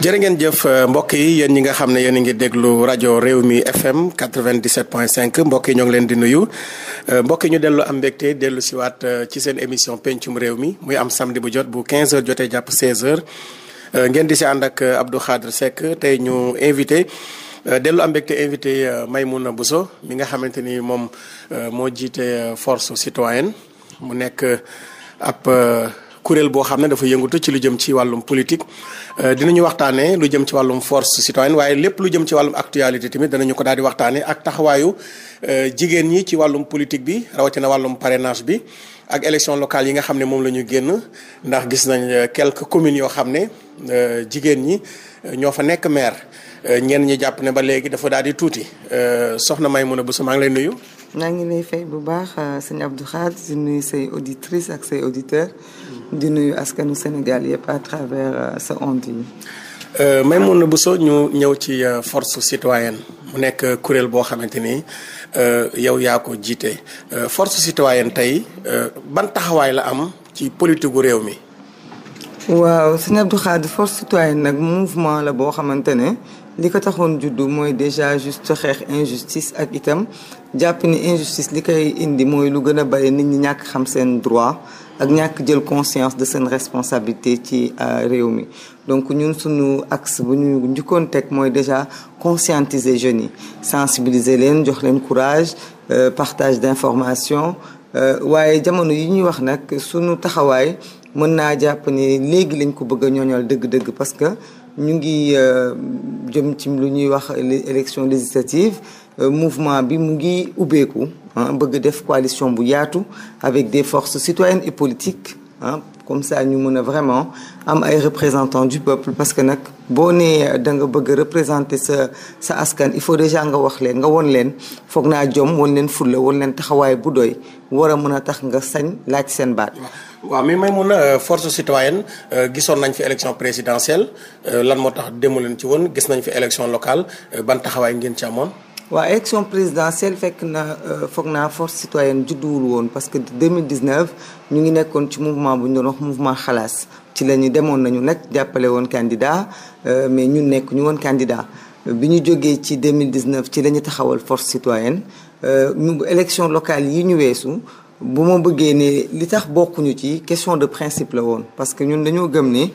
jërë ngeen jëf euh, mbokk yi yéen ñi nga xam ne yéen a ngi déglu rajo réew mi FM 97.5 mbokk yi ñoo ngi leen di nuyu euh, mbokk yi ñu dellu am mbégte dellu si waat euh, ci seen émission pencum réew mi muy am samedi bu jot bu 15h jotee jàpp 16h ngeen di si ànd ak Abdou Khadre Seck tey ñu invité. dellu am may invité Maymouna Bousso mi nga xamante ni moom moo jiite force citoyenne mu nekk ab. kuréel boo xam ne dafa yëngatu ci lu jëm ci wàllum politique euh, dinañu waxtaanee lu jëm ci wàllum force citoyenne waaye lépp lu jëm ci wàllum actualité tamit danañu ko daal waxtaanee ak taxawaayu euh, jigéen ñi ci wàllum politique bi rawatina wàllum parrainage bi ak élection locale yi nga xam ne moom la ñu génn ndax gis nañ euh, quelque communes yoo xam ne jigéen ñi ñoo fa nekk maire ñenn ñi jàpp ne ba léegi dafa daal di tuuti soxna Maymuna Bousso maa ngi lay nuyu. naa ngi lay fay bu baax euh, sëñ Abdou Khadre di nuyu say auditrices ak say auditeurs. di nuyu askanu Sénégal yëpp à travers euh, sa onde yi. Euh, Maimouna Bousso ñu ñëw ci force citoyenne mu nekk kuréel boo xamante ni yow yaa ko jiite force citoyenne tey ban taxawaay la am ci politique gu réew mi. waaw sëñ Abdou force citoyenne nag mouvement la boo xamante ne. li ko taxoon juddu mooy déjà juste xeex injustice ak itam jàpp ni injustice li koy indi mooy lu gën a bari nit ñi ñàkk xam seen droit ak ñàkk jël conscience de seen responsabilité ci euh, réew mi donc ñun suñu axe bu ñu njukkoon teg mooy déjà conscientiser jeunes yi sensibiliser leen jox leen courage euh, partage d'information euh, waaye jamono yi ñuy wax nag suñu taxawaay mën naa jàpp ni léegi lañ ko bëgg a ñooñal dëgg-dëgg parce que ñu ngi euh, jëm ci lu ñuy wax élection législative euh, mouvement bi mu ngi ubbeeku bëgg def coalition bu yaatu avec des forces citoyennes et politiques ah comme ça ñu mën a vraiment am ay représentants du peuple parce que nag boo nee euh, da nga bëgg représenter sa sa askan il faut déjà nga wax leen nga won leen foog naa jom won leen fulla won leen taxawaay bu doy war a mën a tax nga sañ laaj seen baat waaw mais Maimouna euh, force citoyenne euh, gisoon nañ fi élection présidentielle euh, lan moo tax demu leen ci woon gis nañ fi élection locale ban taxawaay ngeen ci amoon. waaw élection présidentielle fekk na foog naa force citoyenne judduwul woon parce que 2019 ñu ngi nekkoon ci mouvement bu ñu doon wax mouvement ci la ñu demoon nañu nag jàppale woon candidat mais ñun nekk ñu woon candidat bi ñu jógee ci 2019 ci la ñu taxawal force citoyenne ñu élection locale yi ñu weesu bu ma bëggee ne li tax bokkuñu ci question de principe la woon parce que ñun dañoo gëm ne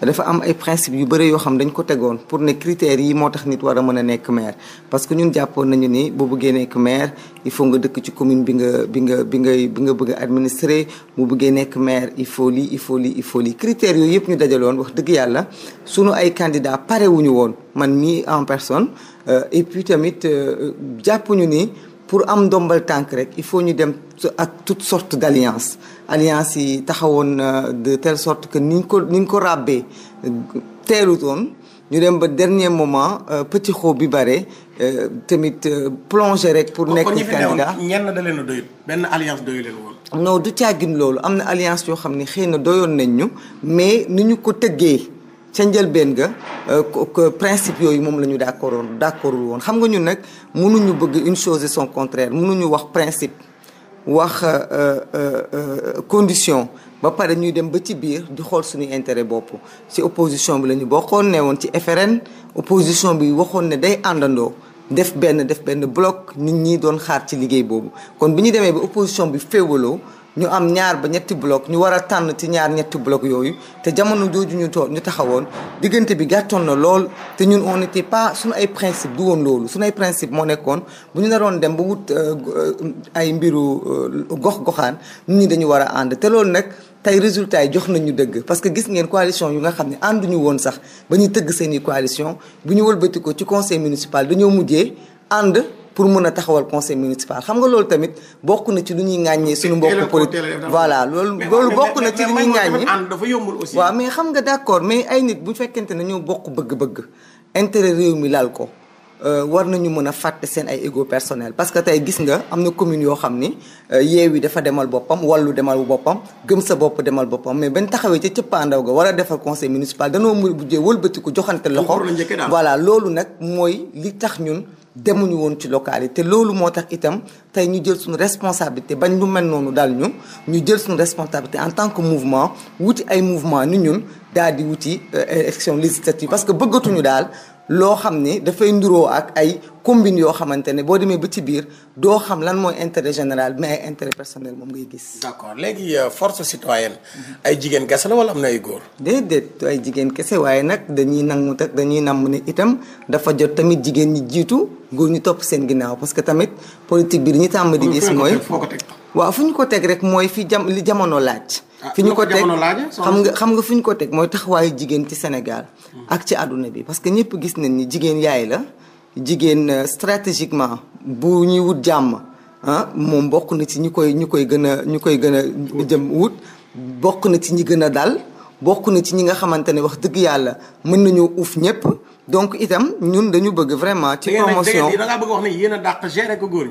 dafa am ay principe yu bëre yoo xam dañ ko tegoon pour ne critères yi moo tax nit war a mën a nekk maire parce que ñun jàppoon nañu ni boo bëggee nekk maire il faut nga dëkk ci commune bi nga bi nga bi nga bi nga bëgg a mu bëggee nekk maire il faut lii il faut lii il faut lii critères yooyu yëpp ñu dajaloon wax dëgg yàlla sunu ay candidats parewuñu woon man mii en personne euh, et tamit euh, jàppuñu ni pour am dombal tànk rek il faut ñu dem ak tout sort d' alliance yi taxawoon euh, de telle sorte que ni ñu ko ni ñu ko ràbbee teelu teelutoon ñu dem ba dernier moment euh, petit xoo bi bare euh, tamit plongé rek pour nekk candidat ñenn da leen a doyut benn alliance doyu leen woon non du càggin loolu am na alliance yoo xam ne xëy na doyoon nañ ñu mais ni ñu ko tëggee ca njëlbeen ga euh, principe yooyu moom la ñu d'accord woon d'accordul woon xam nga ñu nag mënuñu bëgg une chose et son contraire mënuñu wax principe wax euh, euh, condition ba pare ñuy dem ba ci biir di xool suñu intérêt bopp ci opposition bi la ñu bokkoon ne woon ci FRN opposition bi waxoon ne day àndandoo def benn def benn bloc nit ñi doon xaar ci liggéey boobu kon bi ñu demee ba opposition bi féewaloo ñu am ñaar ba ñetti bloc ñu war a tànn ci ñaar ñetti bloc yooyu te jamono jooju ñu too ñu taxawoon diggante bi gàttoon na lool te ñun on était pas suñu ay principe du woon loolu suñu ay principe moo nekkoon bu ñu naroon dem ba wut euh, euh, ay mbiru euh, gox-goxaan nit ñi dañu war a ànd te loolu nag tey résultat yi jox nañu dëgg parce que gis ngeen coalition yu nga xam ne ànduñu woon sax ba ñu tëgg seeni i coalition bu ñu wëlbati ko ci conseil municipal dañoo mujjee ànd pour mën a taxawal conseil municipal xam nga loolu tamit bokk na ci lu ñuy ŋàññee suñu mbokku politique voilà loolu loolu bokk na dafa yombul aussi waaw mais xam nga d'accord mais ay nit bu fekkente ne ñoo bokk bëgg-bëgg intérêt réew mi laal ko euh, war nañu mën a fàtte seen ay ego personnel parce que tey gis nga am na commune yoo xam ni euh, Yewwi dafa demal boppam Wallu demal boppam Gëm Sa Bopp demal boppam mais bañ taxawee ca cëppaandaw ga war a defal conseil municipal danoo mujjee wëlbatiku joxante loxo voilà loolu nag mooy li tax ñun demuñu woon ci local yi te loolu moo tax itam tey ñu jël suñu responsabilité bañ lu mel noonu dal ñu ñu jël suñu responsabilité en tant que mouvement wuti ay mouvement ni ñun daal di wuti euh, élection législative parce que bëggatuñu daal loo xam ni dafay nduroo ak ay combine yoo xamante ne boo demee ba ci biir doo xam lan mooy intere général mais ay intérêt personnel moom ngay gis. d'accord léegi euh, force citoyenne. ay jigéen kese la wala am na ay góor. déedéet ay jigéen kese waaye nag dañuy nangu te dañuy namm ne itam dafa jot tamit jigéen ñi jiitu góor ñu topp seen ginnaaw parce que tamit politique bi dañuy tàmm di gis mooy. waaw fu ñu ko teg rek mooy fi jam li jamono laaj. Ah, fi ñu ko teg xam nga xam nga fu ñu ko teg mooy waaye jigéen ci Sénégal. ak ci àdduna bi parce que ñëpp gis nañ ni jigéen yaay la. jigéen euh, stratégiquement bu ñuy wut jàmm ah moom bokk na ci ñu koy ñu koy gën a ñu koy gën a jëm wut. bokk na ci ñi gën a dal bokk na ci ñi nga xamante ne wax dëgg yàlla mën nañoo uuf ñëpp. donc itam ñun dañu bëgg vraiment. ci promotion da ngaa wax ne yéen a dàq gérer ko góor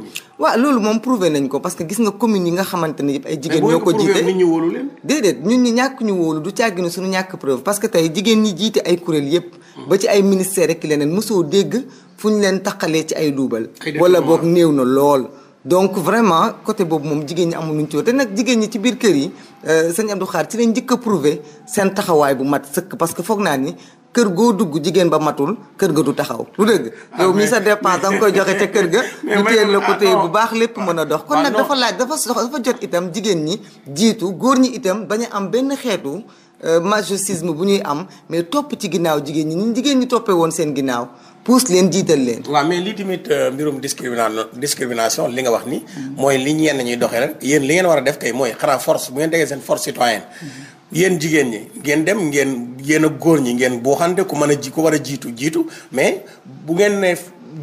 loolu moom prouvé nañ ko parce que gis nga commune yi nga xamante ne yëpp ay jigéen ñoo ko jiite mais ñu ñun ñi ñàkk ñu wóolu du càgginu suñu ñàkk preuve parce que tey jigéen ñi jiite ay kuréel yëpp. Mm. ba ci ay ministère rek leneen mosoo dégg fu ñu leen taqalee ci ay duubal. wala boog néew na lool. donc vraiment côté boobu moom jigéen ñi amul nuñ ci te nag jigéen ñi ci biir kër yi euh, sëñ Abdou Khare ci lañ njëkk a seen taxawaay bu mat sëkk parce que foog naa ni kër goo dugg jigéen ba matul kër ga du taxaw lu dëgg ah, yow mi sa dépense da nga koy joxe ca kër ga ñu téyel la ko téye bu baax lépp mën a dox kon nag dafa laaj dafa dafa jot itam jigéen ñi jiitu góor ñi itam bañ am benn xeetu euh, majocisme bu ñuy am mais topp ci ginnaaw jigéen ñi ñun jigéen ñi toppee woon seen ginnaaw puus leen jiital leen. waaw mais lii tamit euh, mbirum discrimination discrimination li nga wax ni. mooy li ñenn ñuy doxee rek yéen li ngeen war a def kay mooy xanaa force bu ngeen déggee seen force citoyenne. yéen jigéen ñi ngeen dem ngeen yéen a góor ñi ngeen boo xamante ku mën a ji ku war a jiitu jiitu mais bu ngeen ne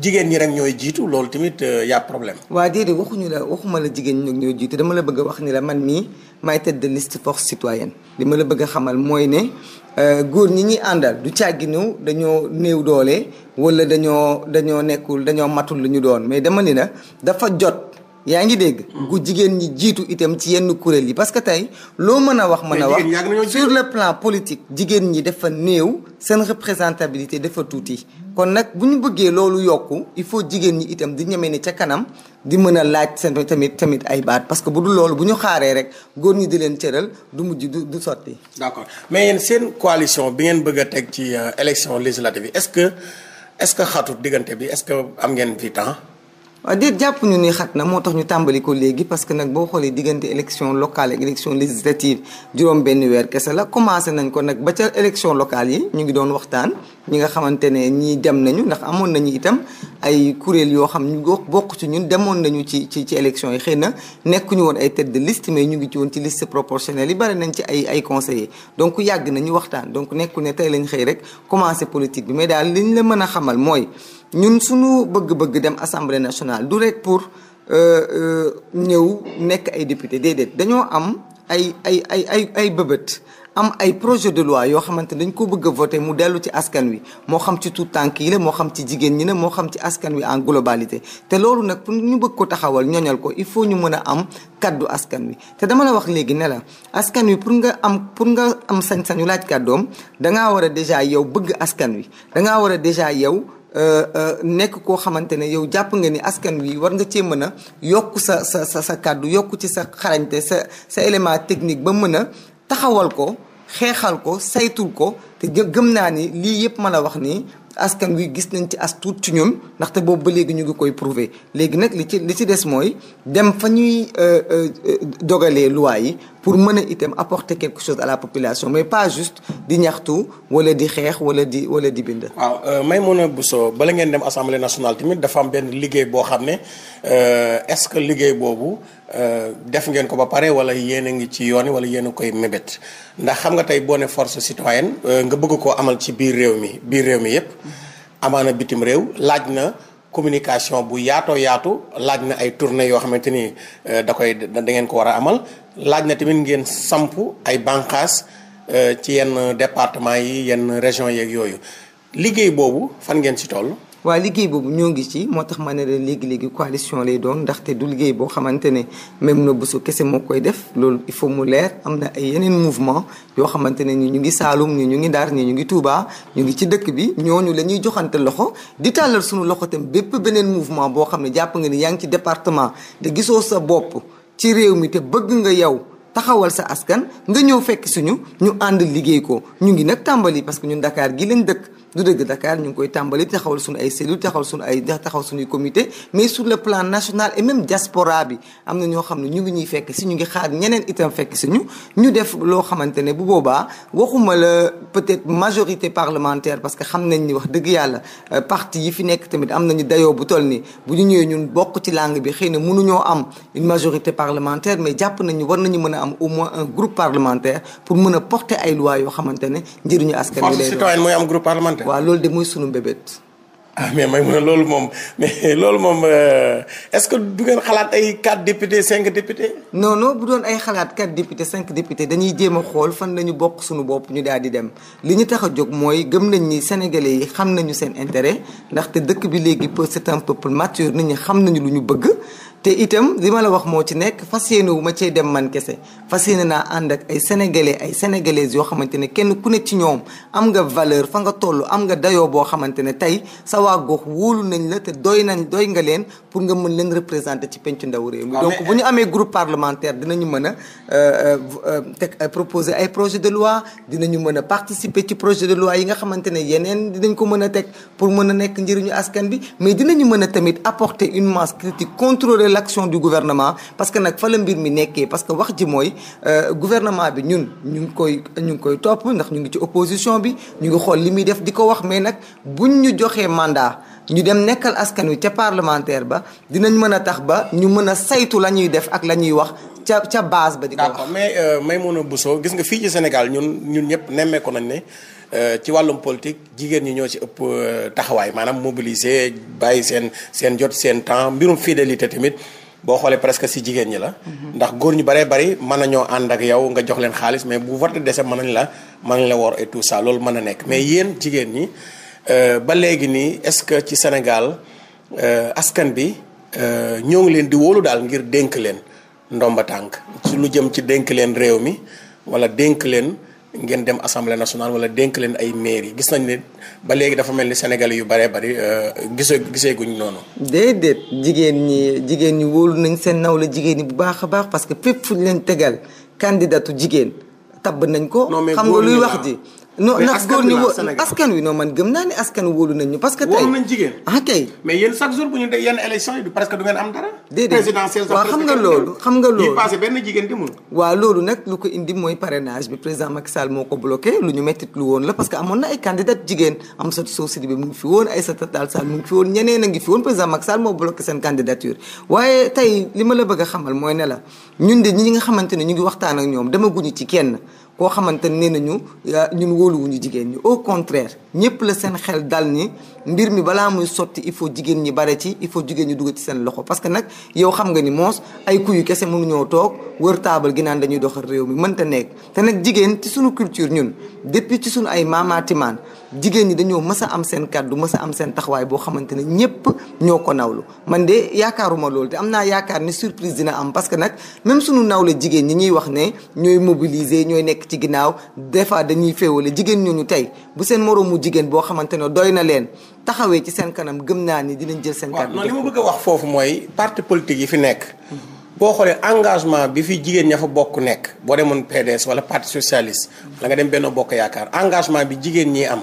jigéen ñi rek ñooy jiitu loolu tamit euh, y'a problème. waa déedéet waxuñu la waxuma la jigéen ñi ñooy jiitu dama la bëgg wax ni la man mii maay tête de liste force citoyenne. li ma la bëgg xamal mooy ne euh, góor ñi ñuy àndal du càgginu dañoo néew doole wala dañoo dañoo nekkul dañoo matul lu ñu doon mais dama ni la dafa jot. yaa ngi dégg. gu mm-hmm. jigéen ñi jiitu itam ci yenn kuréel yi parce que tey loo mën a wax mën a wax sur le plan politique jigéen ñi dafa néew seen représentabilité dafa tuuti. kon nag bu ñu bëggee loolu yokk il faut jigéen ñi itam di ñeme ni ca kanam di mën a laaj seen tamit tamit ay baat parce que bu dul loolu bu ñu xaaree rek góor ñi di leen cëral du mujj du du sotti. d'accord mais yenn seen coalition bi ngeen bëgg a teg ci euh, élection législative yi est-ce que est-ce que xatu diggante bi est-ce am ngeen fi temps. waaw ah, déet jàpp ñu ni xat na moo tax ñu tàmbali ko léegi parce que nag boo xoolee diggante élection locale ak élection législative juróom benn weer kese la commencé nañ ko nag ba ca élection locale yi ñu ngi doon waxtaan ñi nga xamante ne ñii dem nañu ndax amoon nañu itam ay kuréel yoo xam ñu bokk ci ñun demoon nañu ci ci ci élection yi xëy na nekkuñu woon ay tête de liste ñu ngi ci woon ci liste proportionnelle yi bari nañ ci ay ay conseillers donc yàgg nañu waxtaan donc nekku ne tey lañ xëy rek commencé politique bi mais daal liñ la mën a xamal mooy ñun suñu bëgg-bëgg dem assemblée nationale du rek pour euh, euh, ñëw nekk ay député déedéet dañoo am ay ay ay ay ay bëbët am ay projet de loi yoo xamante dañ ko bëgg a voté mu dellu ci askan wi moo xam ci tout tànk yi moo xam ci jigéen ñi la moo xam ci askan wi en globalité te loolu nag pour ñu bëgg ko taxawal ñoñal ko il faut ñu mën a am kàddu askan wi te dama la wax léegi ne la askan wi pour nga am pour nga am sañ-sañu laaj kàddoom dangaa war a déjà yow bëgg askan wi dangaa war a déjà yow Euh, euh, nekk koo xamante ne yow jàpp nga ni askan wi war nga cee mën a yokk sa sa sa sa kàddu yokk ci sa xarañte sa sa élément technique ba mën a taxawal ko xeexal ko saytul ko te gëm naa ni lii yëpp ma la wax nii askan wi gis nañ ci as tuut ci ñun ndaxte boobu ba léegi ñu ngi koy prouver léegi nag li ci li ci des mooy dem fa ñuy euh, dogalee loi yi pour mën a itam apporter quelque chose à la population mais pas juste di ñaxtu wala di xeex wala di wala di bind. waaw euh, Maimouna Bousso bala ngeen dem assemblée national tamit dafa am benn liggéey boo xam ne euh, est-ce que liggéey boobu euh, def ngeen ko ba pare wala yéen a ngi ci yoon wala yéen a koy mébét ndax xam nga tey boo ne force citoyenne. nga bëgg koo amal ci biir réew mi biir réew mi yépp amaana bitim réew laaj na. communication bu yaatoo yaatu laaj na ay tournée yoo xamante ni da koy da ngeen ko war a amal laaj na tamit ngeen samp ay bànqaas euh, ci yenn département yi yenn région yeeg yooyu liggéey boobu fan ngeen ci toll. waa liggéey boobu ñoo ngi ci moo tax ma ne la léegi-léegi coalition lay doon ndaxte du liggéey boo xamante ne même na su kese moo koy def loolu il faut mu leer am na ay yeneen mouvement yoo xamante ne ñi ñu ngi Saalum ñi ñu ngi Ndar nii ñu ngi tuubaa ñu ngi ci dëkk bi ñooñu lañuy ñuy joxante loxo di tàllal suñu loxo tam bépp beneen mouvement boo xam ne jàpp nga ni yaa ngi ci département te gisoo sa bopp ci réew mi te bëgg nga yow taxawal sa askan nga ñëw fekk suñu ñu ànd liggéey ko ñu ngi nag tàmbali parce que ñun Dakar gi lañ dëkk du dëgg Dakar ñu ngi koy tàmbali taxawal suñu ay cellule taxawal suñu ay taxaw suñuy comité mais sur le plan national et même diaspora bi am na ñoo xam ne ñu ngi ñuy fekk si ñu ngi xaar ñeneen itam fekk si ñu ñu def loo xamante ne bu boobaa waxuma la peut-être majorité parlementaire parce que xam nañ ni wax dëgg yàlla euh, parti yi fi nekk tamit am nañu dayoo bu toll ni bu ñu ñëwee ñun bokk ci langue bi xëy na mënuñoo am une majorité parlementaire mais jàpp nañu war nañu mën a am au moins un groupe parlementaire pour mën a porter ay lois yoo xamante ne njëriñu askan groupe parlementaire waaw loolu de mooy sunu mbébét. Ah, mais may ma loolu moom loolu moom euh, est-ce que du ngeen xalaat ay 4 députés 5 députés. non non bu doon ay xalaat 4 députés cinq députés dañuy jéema xool fan nañu bokk suñu bopp ñu daal di dem li ñu tax a jóg mooy gëm nañ ñi sénégalais yi xam nañu seen intérêt ndaxte dëkk bi léegi c'est un peuple mature nit ñi xam nañu lu ñu bëgg. te itam li ma la wax moo ci nekk fas yéene wu ma cee dem man kese fas yéene naa ànd ak ay sénégalais ay sénégalaises yoo xamante ne kenn ku ne ci ñoom am nga valeur fa nga toll am nga dayoo boo xamante ne tey sa waa gox wóolu nañ la te doy nañ doy nga leen pour nga mën leen représenter ci pencu ndaw réew mi ah, donc bu ñu amee groupe parlementaire dinañu mën a euh, euh, euh, teg proposer ay projet de loi dinañu mën a participer ci projet de loi yi nga xamante ne yeneen dinañ ko mën a teg pour mën a nekk njëriñu askan bi mais dinañu mën a tamit apporter une l'action du gouvernement parce que nag fa la mbir mi nekkee parce que wax ji mooy euh, gouvernement bi ñun ñu ngi koy ñu ngi koy topp ndax ñu ngi ci opposition bi ñu ngi xool li muy def di ko wax mais nag buñ ñu joxee mandat ñu dem nekkal askan wi ca parlementaire ba dinañ mën a tax ba ñu mën a saytu la ñuy def ak la ñuy wax ca ca base ba di ko wax. may mais euh, Maimouna Bousso gis nga fii ci Sénégal ñun ñun ñëpp nemmeeku nañ ne. Euh, ci wàllum politique jigéen ñi ñoo ci ëpp euh, taxawaay maanaam mobiliser bàyyi seen seen jot seen temps mbirum fidélité tamit boo xoolee presque si jigéen ñi la. Mm-hmm. ndax góor ñu baree bari mën nañoo ànd ak yow nga jox leen xaalis mais bu vote dese mën nañ la mën nañ la wor et tout ça loolu mën a nekk mais yéen jigéen ñi euh, ba léegi nii est-ce que ci Sénégal askan bi ñoo ngi leen di wóolu daal ngir dénk leen ndomba tànk ci lu jëm ci dénk leen réew mi walla dénk leen. ngeen dem assemblée nationale wala dénk leen ay mair mairie gis nañ ne ba léegi dafa mel ni sénégalais yu bëree bëri euh, gisee gisee guñ noonu. déedéet jigéen ñi jigéen ñi wóolu nañ seen naw la jigéen ñi bu baax a baax parce que fépp fu ñu leen tegal candidatu jigéen tabb nañ ko. xam nga luy wax ji no ndax góor ñi woo askan wi non man gëm naa ne askan wóolu nañ ñu parce que tey wóolu nañ jigéen ah kay mais yéen chaque jour bu ñu dee xam nga loolu xam nga loolu yi loolu nag lu ko indi mooy parrainage bi président Macky Sall moo ko bloqué lu ñu mettit lu woon la parce que amoon na ay candidat jigéen Amsatou Sow Sidibé mu fi woon Aïssata Tall Sall mu fi woon ñeneen a ngi fi woon président Macky Sall moo bloqué seen candidature waaye tey li la bëgg a xamal mooy ne ñun de ñi nga xamante ne ñu ngi waxtaan ak ñoom demaguñu ci kenn koo xamante nee nañu ñun wóoluwuñu jigéen ñi au contraire ñëpp la seen xel dal ni mbir mi balaa muy sotti il faut jigéen ñi bare ci il faut jigéen ñi dugg ci seen loxo parce que nag yow xam nga ni moos ay kuyu kese mënuñoo toog wër taabal gi naan dañuy doxal réew mi mënta nekk te nag jigéen ci suñu culture ñun depuis ci suñu ay maamaati maan jigéen ñi dañoo mës a am seen kàddu mës a am seen taxawaay boo xamante ne ñëpp ñoo ko nawlu man de yaakaaruma loolu te am naa yaakaar ni surprise dina am parce que nag même suñu nawle jigéen ñi ñuy wax ne ñooy mobiliser ñooy nekk ci ginnaaw des fois dañuy féewale jigéen ñooñu tey bu seen moroomu jigéen boo xamante ne doy na leen taxawee ci seen kanam gëm naa ni dinañ jël seen kàddu. waaw li wax foofu mooy parti politique yi fi nekk. Mhm. boo xoolee engagement bi fi jigéen ña fa bokk nekk boo demoon PDS wala parti socialiste. Mhm. la nga dem benn bokk yaakaar engagement bi jigéen ñi am.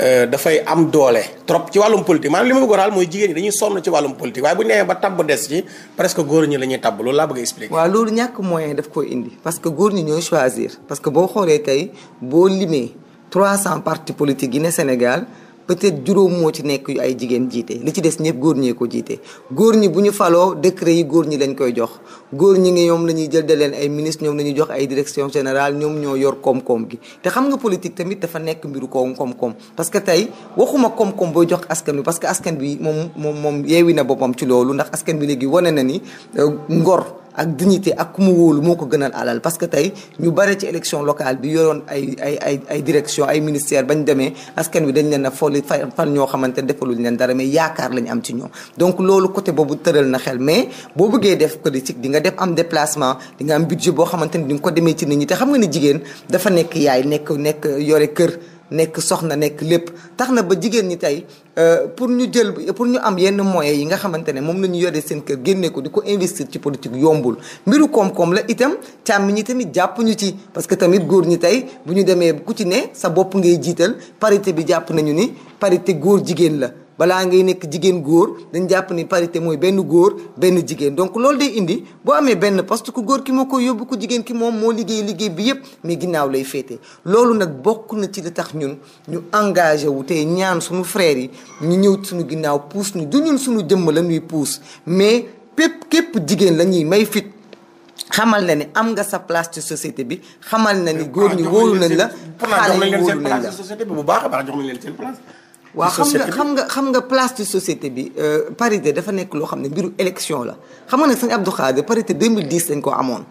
Euh, dafay am doole trop ci wàllum politique maanaam li ma bëgg a mooy jigéen ñi dañuy sonn ci wàllum politique waaye bu ñu nee ba tabb des ci presque góor ñi la ñuy tabb loolu laa bëgg a expliquer. loolu ñàkk moyen daf koy indi parce que góor ñi ñooy choisir parce que boo xoolee tey boo limee 300 partis politiques yi ne Sénégal peut-être juróom moo ci nekk yu ay jigéen jiite li ci des ñëpp góor ñee ko jiite góor ñi bu ñu faloo décret yi góor ñi lañ koy jox góor ñi ngi ñoom la ñuy jël de leen ay ministre ñoom la ñuy jox ay direction général ñoom ñoo yor koom-koom gi te xam nga politique tamit dafa nekk mbiru koom koom-koom parce tey waxuma koom-koom booy jox askan bi parce que askan bi moom moom moom yeewi na boppam ci loolu ndax askan bi léegi wane na ni euh, ngor ak dignité ak ku mu wóolu moo ko gënal alal parce que tey ñu bare ci élection locale bi yoroon ay ay ay ay direction ay ministère bañ demee askan wi dañ leen a foli fan ñoo xamante ne defaluñ leen dara mais yaakaar lañ am ci ñoom donc loolu côté boobu tëral na xel mais boo bëggee def politique di nga def am déplacement di nga am budget boo xamante ni di nga ko demee ci nit ñi te xam nga ne jigéen dafa nekk yaay nekk nekk yore kër nekk soxna nekk lépp tax na ba jigéen ñi tey Euh, pour ñu jël pour ñu am yenn moyens yi nga xamante ne moom la ñu yore seen kër génne ko di ko investir ci politique yombul mbiru koom-koom la itam càmm ñi tamit jàpp ñu ci parce que tamit góor ñi tey bu ñu demee ku ci ne sa bopp ngay jiital parité bi jàpp nañu ni parité góor jigéen la balaa ngay nekk jigéen góor dañ jàpp ni parité mooy benn góor benn jigéen donc loolu day indi boo amee benn poste ku góor ki moo ko yóbbu ko jigéen ki moom moo liggéey liggéey bi yépp mais ginnaaw lay féete loolu nag bokk na ci la tax ñun ñu engagé wu tey ñaan suñu frères yi ñu ñëw suñu ginnaaw puus ñu du ñun suñu jëmm la ñuy puus mais pépp képp jigéen la ñuy may fit xamal na ni am nga sa place ci société bi xamal na ni góor ñi ah, wóolu nañ la xale yi wóolu nañ la société bi bu baax a baax jox nañ leen waa xam nga xam nga xam nga place ci société bi euh, parité dafa nekk loo xam ne mbiru élection la xam nga ne sëñ Abdou Khadir parité 2010 dañ ko amoon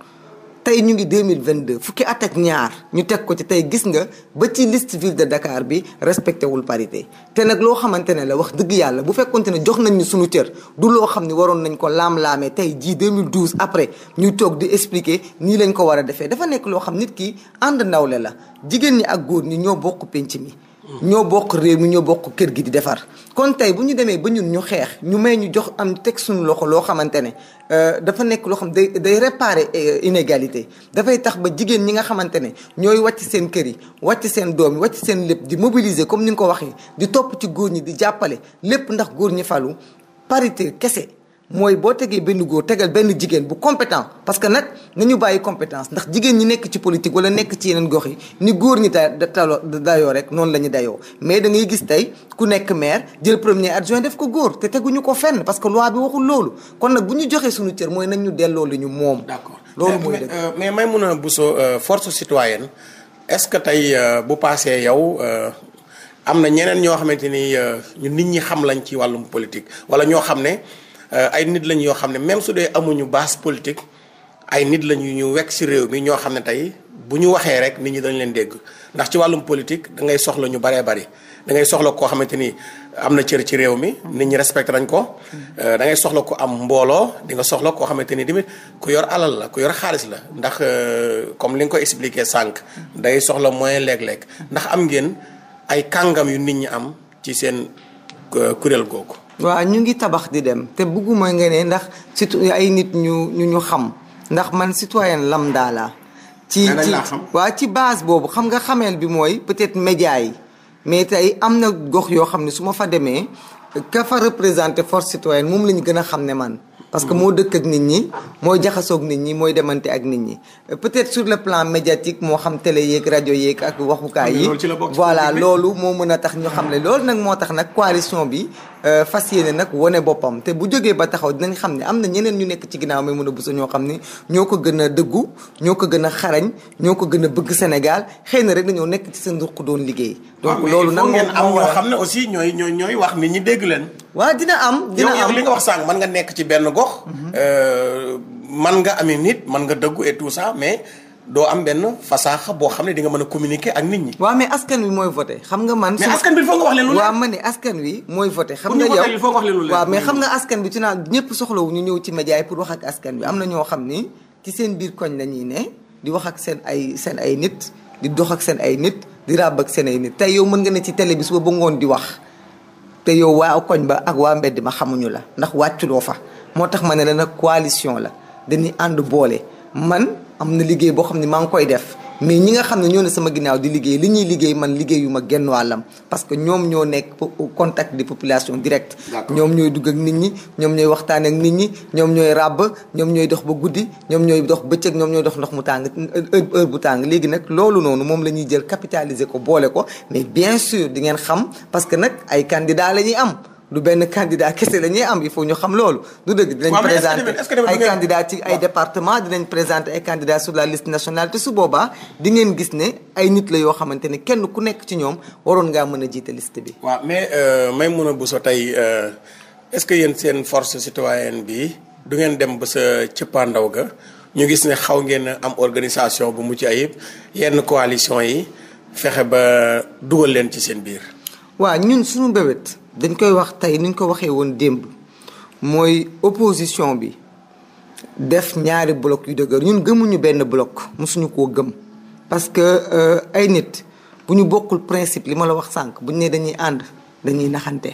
tey ñu ngi 2022 fukki at ñaar ñu teg ko ci tey gis nga ba ci liste ville de Dakar bi respecté wul parité te nag loo xamante ne la wax dëgg yàlla bu fekkonte ne jox nañ ñu suñu cër du loo xam ne waroon nañ ko laam-laamee tey jii 2012 après ñu toog di expliqué nii lañ ko war a defee dafa nekk loo xam nit ki ànd ndawle la jigéen ñi ak góor ñi ñoo bokk penc mi ñoo bokk réew mi ñoo bokk kër gi di defar kon tey bu ñu demee ba ñun ñu xeex ñu may ñu jox am teg suñu loxo loo xamante ne euh, dafa nekk loo xam day day réparer euh, inégalité dafay tax ba jigéen ñi nga xamante ne ñooy wàcc seen kër yi wàcc seen doom yi wàcc seen lépp di mobiliser comme ni nga ko waxee di topp ci góor ñi di jàppale lépp ndax góor ñi falu parité kese mooy boo tegee benn góor tegal benn jigéen bu compétent parce que nag ñu bàyyi compétence ndax jigéen ñi nekk ci politique wala nekk ci yeneen gox yi ni góor ñi da dayoo rek noonu lañu dayoo mais dangay gis tey ku nekk maire jël premier adjoint def ko góor te teguñu ko fenn parce que loi bi waxul loolu kon nag bu ñu joxee suñu cër mooy nañ ñu delloo li ñu moom. d'accord loolu mooy dëgg euh, mais may mun a Bousso euh, force citoyenne est-ce que tey euh, bu paasee yow. am na ñeneen ñoo xamante ni ñun nit ñi xam lañ ci wàllum politique wala ñoo xam ne. Euh, ay nit lañ yoo xam ne même su dee amuñu baas politique ay nit lañu ñu wekk ci réew mi ñoo xam ne tey bu ñu waxee rek nit ñi dañ leen dégg ndax ci wàllum politique da ngay soxla ñu baree bari da ngay soxla koo xamante ni am na cër ci réew mi nit ñi respecté nañ ko euh, da ngay soxla ko am mbooloo di nga soxla koo xamante ni tamit ku yor alal la ku yor xaalis la ndax euh, comme li nga ko expliqué sànq day soxla moyen léeg-léeg ndax am ngeen ay kàngam yu nit ñi am ci seen kuréel googu waa ñu ngi tabax di dem te bugguma nga ne ndax surtout ay nit ñu ñu ñu xam ndax man citoyen lambda daala ci ci waaw ci base boobu xam nga xameel bi mooy peut-être média yi mais tey am na gox yoo xam ne su ma fa demee ka fa représenté force citoyenne moom la ñu gën a xam ne man parce que mm-hmm. moo dëkk ak nit ñi mooy jaxasook nit ñi mooy demante ak nit ñi peut-être sur le plan médiatique moo xam télé yeeg rajo yeeg ak waxukaay yi voilà loolu moo mën a tax ñu xam ne loolu nag moo tax nag coalition bi Euh, fas yéene nag wane boppam te bu jógee ba taxaw dinañ xam ne am na ñeneen ñu nekk ci ginnaaw Maimouna Bousso ñoo xam ne ñoo ko gën a dëggu ñoo ko gën a xarañ ñoo ko gën a bëgg Sénégal xëy na rek dañoo nekk ci seen ruq doon liggéey donc ah, loolu nag ngeen am ñoo xam ne aussi ñooy ñooy ñooy wax nit ñi dégg leen waa dina am dina am li nga wax sànq man nga nekk ci benn gox man mhm. euh, nga amee nit man nga dëggu et tout ça mais doo am benn fasaaxa boo xam ne di nga mën a communiquer ak nit ñi. waaw mais askan wi mooy voté xam nga man. mais askan bi il faut nga wax leen lu leen. waaw ma ne askan wi mooy voté. xam nga yow il faut nga wax leen lu leen. waaw mais xam nga askan bi ci naan ñëpp soxlawu ñu ñëw ci média yi pour wax ak askan bi am na ñoo xam ni ci seen biir koñ la ñuy ne di wax ak seen ay seen ay nit di dox ak seen ay nit di ràbb ak seen ay nit tey yow mën nga ne ci télé bi suba ba ngoon di wax te yow waa koñ ba ak waa mbedd ma xamuñu la ndax wàcculoo fa moo tax ma ne la nag coalition la dañuy ànd boole man am na liggéey boo xam ne maa ngi koy def mais ñi nga xam ne ñoo ne sama ginnaaw di liggéey li ñuy liggéey man liggéeyuma yu genn wàllam parce que ñoom ñoo nekk au contact des populations directes ñoom ñooy dugg ak nit ñi ñoom ñooy waxtaan nit ñi ñoom ñooy ràbb ñoom ñooy dox ba guddi ñoom ñooy dox bëccëg ñoom ñooy dox ndox mu tàng heure bu tàng léegi nag loolu noonu moom la ñuy jël capitaliser ko boole ko mais bien sur di ngeen xam parce que nag ay candidats la ñuy am du benn candidat kese la ñuy am il faut ñu xam loolu. du dëgg dinañ présenter ay candidats ci ay département dinañ présenter ay candidats sur la liste nationale te su boobaa di ngeen gis ne ay nit la yoo xamante ne kenn ku nekk ci ñoom waroon ngaa mën a jiite liste bi. waaw mais bu euh, Bousso tey euh, est-ce que yéen seen force citoyenne bi du ngeen dem ba sa cëppaandaw ga ñu gis ne xaw ngeen am organisation bu mucc ayib yenn coalition yi fexe ba dugal leen ci seen biir. waa ñun suñu bébét. dañ koy wax tey ni ñu ko waxee woon démb mooy opposition bi def ñaari bloc yu dëgër ñun gëmuñu benn bloc mosuñu ko gëm parce que euh, ay nit bu ñu bokkul principe li ma la wax sànq bu ñu ne dañuy ànd dañuy naxante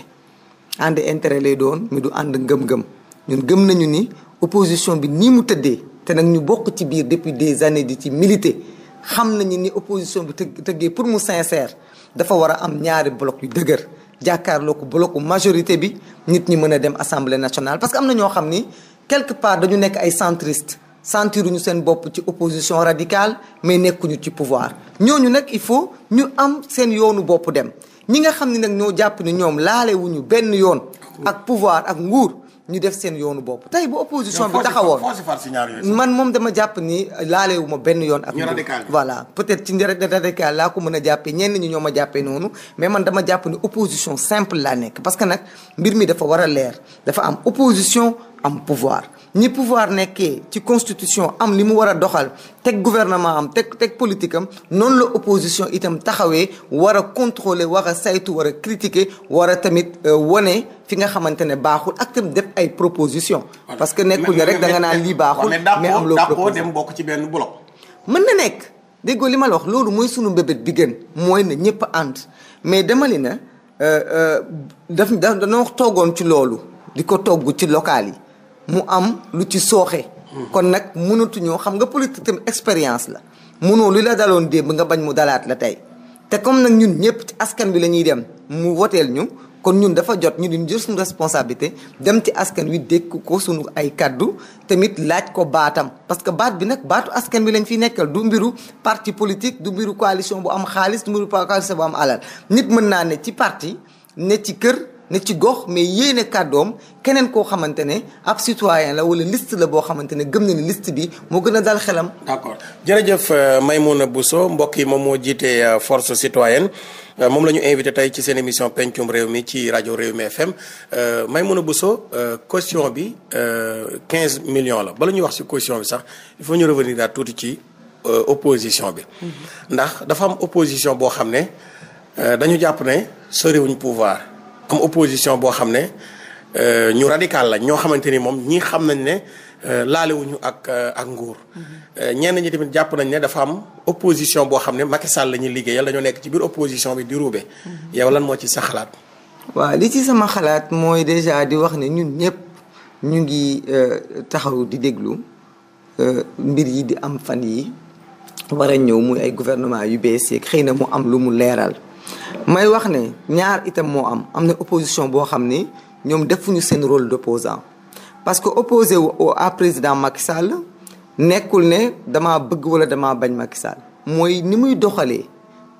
ànd intérêt lay doon mi du ànd ngëm-ngëm ñun gëm nañu ni opposition bi nii mu tëddee te nag ñu bokk ci biir depuis des années di ci militer xam nañu ni opposition bi të tëggee pour mu sincère dafa war a am ñaari bloc yu dëgër jàkkaarloo ko blocu majorité bi nit ñi mën a dem assemblée nationale parce que am na ñoo xam ni quelque part dañu nekk ay centriste sentiruñu seen bopp ci opposition radicale mais nekkuñu ci pouvoir ñooñu nag il faut ñu am seen yoonu bopp dem ñi nga xam ni nag ñoo jàpp ni ñoom laalewuñu benn yoon ak pouvoir ak nguur ñu def seen yoonu bopp tey bu opposition bi taxawoon man moom dama jàpp ni laalewu ma benn yoon ak voilà peut être ci njëriñ radical laa ko mën a jàppee ñenn ñi ñoo a jàppee noonu mais man dama jàpp ni opposition simple laa nekk parce que nag mbir mi dafa war a leer dafa am opposition am pouvoir ni pouvoir nekkee ci constitution am li mu war a doxal teg gouvernement am teg teg politique am noonu la opposition itam taxawee war a contrôler war saytu war a critiquer war a tamit euh, wane fi nga xamante ne baaxul ak tam def ay proposition parce que nekkul rek da nga naan lii baaxul mais am loo proposé dem bokk ci benn bloc mën na nekk déggoo li ma la wax loolu mooy sunu mbébét bi gën mooy na ñëpp ànd mais dama li na euh, euh, daf daf danoo toogoon ci loolu di ko togg ci local yi mu am lu ci sooxee kon nag mënatuñoo xam nga politique tam expérience la mënoo lu la daloon démb nga bañ mu dalaat la tey te comme nag ñun ñëpp ci askan bi la ñuy dem mu woteel ñu kon ñun dafa jot ñu di jël suñu responsabilité dem ci askan wi dékk ko suñu ay kaddu tamit laaj ko baatam parce que baat bi nag baatu askan bi lañ fi nekkal du mbiru parti politique du mbiru coalition bu am xaalis du mbiru coalition bu am alal nit mën naa ne ci parti ne ci kër. ne ci gox mais yéene kàddoom keneen koo xamante ne ab citoyen la wala liste la boo xamante ne gëm na ni liste bi moo gën a dal xelam. d'accord jërëjëf euh, Maymouna Bousso mbokk yi moom moo jiitee euh, force citoyenne euh, moom la ñu invité tey ci seen émission pencum réew mi ci rajo réew mi FM Maymouna Bousso caution bi 15 millions la bala ñuy wax ci caution bi sax il faut ñu revenir daal tuuti ci opposition bi. Mhm. ndax dafa am opposition boo xam ne dañu jàpp ne soriwuñ pouvoir. am opposition boo xam ne euh, ñu radical lañ ñoo xamante ni moom ñii xam nañ ne euh, laalewuñu ak euh, ak nguur. ñenn ñi tamit jàpp nañ ne dafa am opposition boo xam ne Macky Sall la ñuy liggéeyal dañoo nekk ci biir opposition bi di ruube. Mhm. yow lan moo ci sa xalaat. waaw li ci sama xalaat mooy déjà di wax ne ñun ñëpp ñu ngi taxaw di déglu mbir yi di am fan yi war a ñëw muy ay gouvernement yu bees yeeg xëy na mu am lu mu leeral. may wax ne ñaar itam moo am am na opposition boo xam ni ñoom defuñu seen rôle d'opposant parce que opposé wu à président Macky nekkul ne dama bëgg wala dama bañ Macky Sall mooy ni muy doxalee